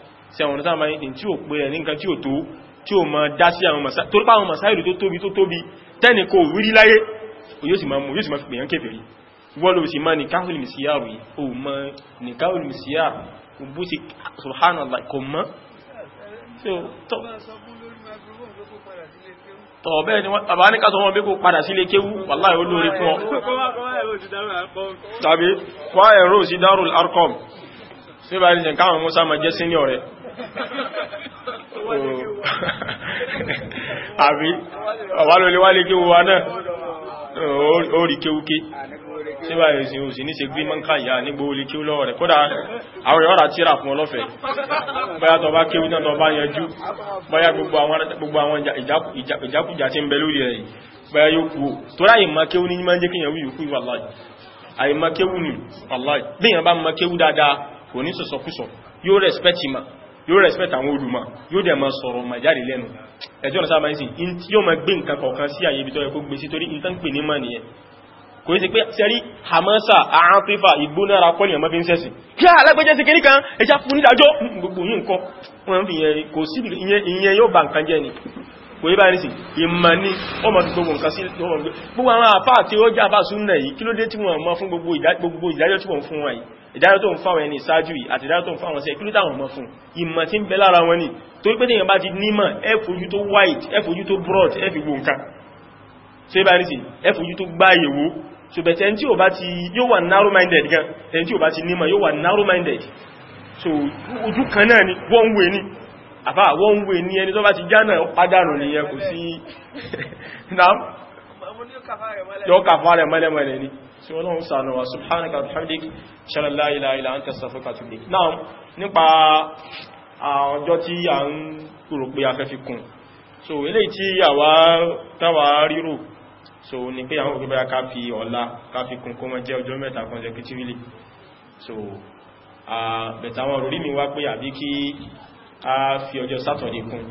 sí àwọn onísàmà ìhìn tí ó pè ẹ̀ ní nǹkan tí ó tó tí ó máa dá sí àwọn masáìlì tó rí pàwọn masáìlì tó tóbi tó tóbi tẹ́nì kò rí láyé yóò sì máa mú yóò sì máa fi pèyàn kéfèrí wọ́n ló sì máa ní káhùlì mìsíyà rí o mọ́ ní káhùlì mìsíyà bú sí subhanallah kò mọ́ tọ̀ọ̀bẹ́ ni wọ́n bàbá ní kásọ̀ wọn bí kò àbí ọ̀wá ló lè wá lè kéwò wa náà ó rí kéwúké tí bá yìí ò sí ní ṣe gbí mọ́ǹkà ìyá nígbò olè kí ó lọ́wọ́ rẹ̀ kódà àwọn ìyọ́ra tíra fún ọlọ́fẹ́ bóyá tó bá kéwú náà tó bá yanjú bóyá gbogbo àwọn ìjákùjá tí ń bẹ lórí rẹ̀ bóyá yóò kú tó ráyì má kéwú ní máa ń jẹ́ kíyàn wíyù kú wàláì àìmá kéwú ni wàláì bí èèyàn bá má kéwú dáadáa kò ní sọ̀sọ̀kúsọ̀ yóò respect ma yóò respect àwọn olùmọ̀ yóò dẹ̀ ma sọ̀rọ̀ ma jáde lẹ́nu ẹjọ́ ọ̀nà sáà máa ń sìn in tí yóò ma gbé nǹkan kọ̀ọ̀kan sí àyè ibi tó yẹ gbé sí torí in tán pè ní mọ̀ nìyẹn kò sí pé sẹ́rí hamasa àáfífà ìgbónára kọ́lì ọmọ fi ń sẹ́sì kí alágbẹ́jẹ́ sí kìníkan ẹjá fún nídàjọ́ gbogbo yìí nǹkan wọ́n fi yẹn kò sí ìyẹn yóò bà nǹkan jẹ́ ni kò yí báyìí sí ìmọ̀ ní ọmọ fi gbogbo nǹkan sí gbogbo àwọn àfáà tí ó jà fà súnnà yìí kí ló dé tí wọ́n mọ́ fún gbogbo ìdájọ́ tí wọ́n fún wọn yìí ìdájọ́ tó ń fáwọn ẹni ìsáájú yìí àti ìdájọ́ tó ń fáwọn sí ẹkùlú táwọn ọmọ fún ìmọ̀ tí ń bẹ lára wọn ni tó wípé tí èyàn bá ti nímọ̀ ẹfojú tó wide ẹfojú tó broad ẹfìgbò nǹkan tó yẹ bá ní sí ẹfojú tó gbá ìyẹ̀wò so bẹ̀tẹ̀ ẹni tí narrow minded gan ẹni tí narrow minded so ojú kan ni wọ́n ń wé ní àbá wọ́n ń wé ní ẹni tó bá ti já náà yóò kàfà rẹ̀ mẹ́lẹ̀mẹ́lẹ̀ ni tí wọ́n lọ́n sànà wà subhanaka alhamdik ṣẹlẹ̀lá ilá ilá ń tẹ́sà fún kàtùlé náà nípa ọjọ́ tí a ń rò pé afẹ́ fi kún so ilé tí àwá táwà rírò so ni pé àwọn òkúbẹ́ ká fi ọ̀la ká fi kún kó mọ́ jẹ́ ọjọ́ mẹ́ta consecutively so bẹ̀tàwọn a fi ọjọ́ sátọ̀dé kún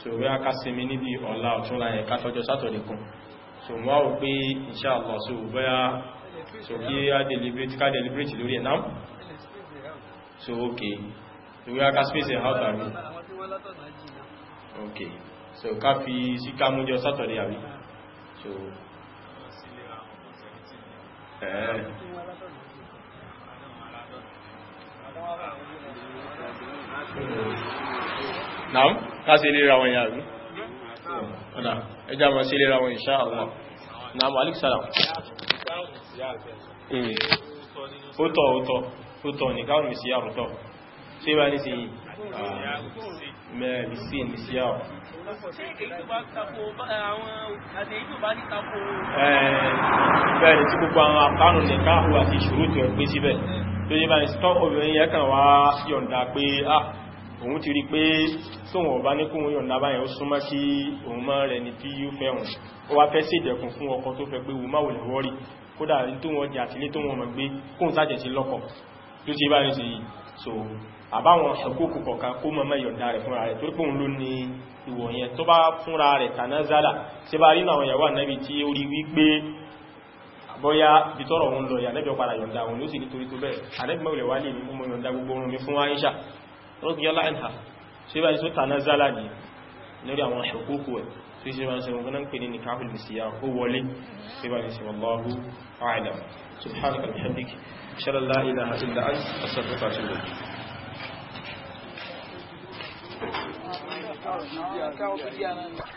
so wẹ́ a ká sinmi níbi ọ̀la ọ̀túnla so wọ́n á wò pé inṣáàlá so bóyá so kí a deliberate ká deliberate lórí ẹ̀ náà so ok so are ká space ẹ̀ out àrí ok so ká fi sí ká mújọ Saturday àrí so ẹ̀ẹ́ eh. Naam, ká sí ilé ra wọn yàrí. Ọ̀dá ẹjá ma sí lera wọn insha Allah na malik salam hmm. ó tọ́ ó tọ́ ó tọ́ ní káwọn mìsíyà ó tọ́ tí bá ní sí mẹ́rin sí mìsíyà ó bẹ́ẹ̀ni tí gbogbo àwọn àpánù ní káàkùn àti ìṣòro tí òun ti rí pé tóhun ọ̀bá ní kóhun yọ̀nà báyẹ̀ ó súnmọ́ sí òun mọ́ rẹ̀ ní tí yíó fẹ́hùn ó wá fẹ́ sí ìdẹ̀kùn fún ọkọ tó fẹ́ pé wù máa wùlẹ̀ wọ́rí kódà tó wọ́n jẹ́ àtìlé tó wọ́n mọ̀ gbé kóhun sájẹ̀ sí lọ́kọ̀ tó ti bá rí sí so àbáwọn ẹ̀kókù kọ̀ọ̀kan kó mọ́ mẹ́yọ̀nà rẹ̀ bọ́yá bitọ́rọ̀ òun lọ ìyànẹ́bẹ̀ padà yọ̀nda òun ló sì nítorí tó bẹ́ẹ̀ ànẹ́bì mẹ́wàá lè ní mú yọ̀nda gbogbo orun fún Aisha rọ́gbìyànlá ẹ̀nà ṣe bá ìsọ́ta náà zálà ní lórí àwọn ṣokókò ẹ̀ tí ṣe bá ń sẹ́wọ̀n gánà ń pè ní nìkáhùl mìsíyà ó wọlé ṣe bá ní sẹ́wọ̀n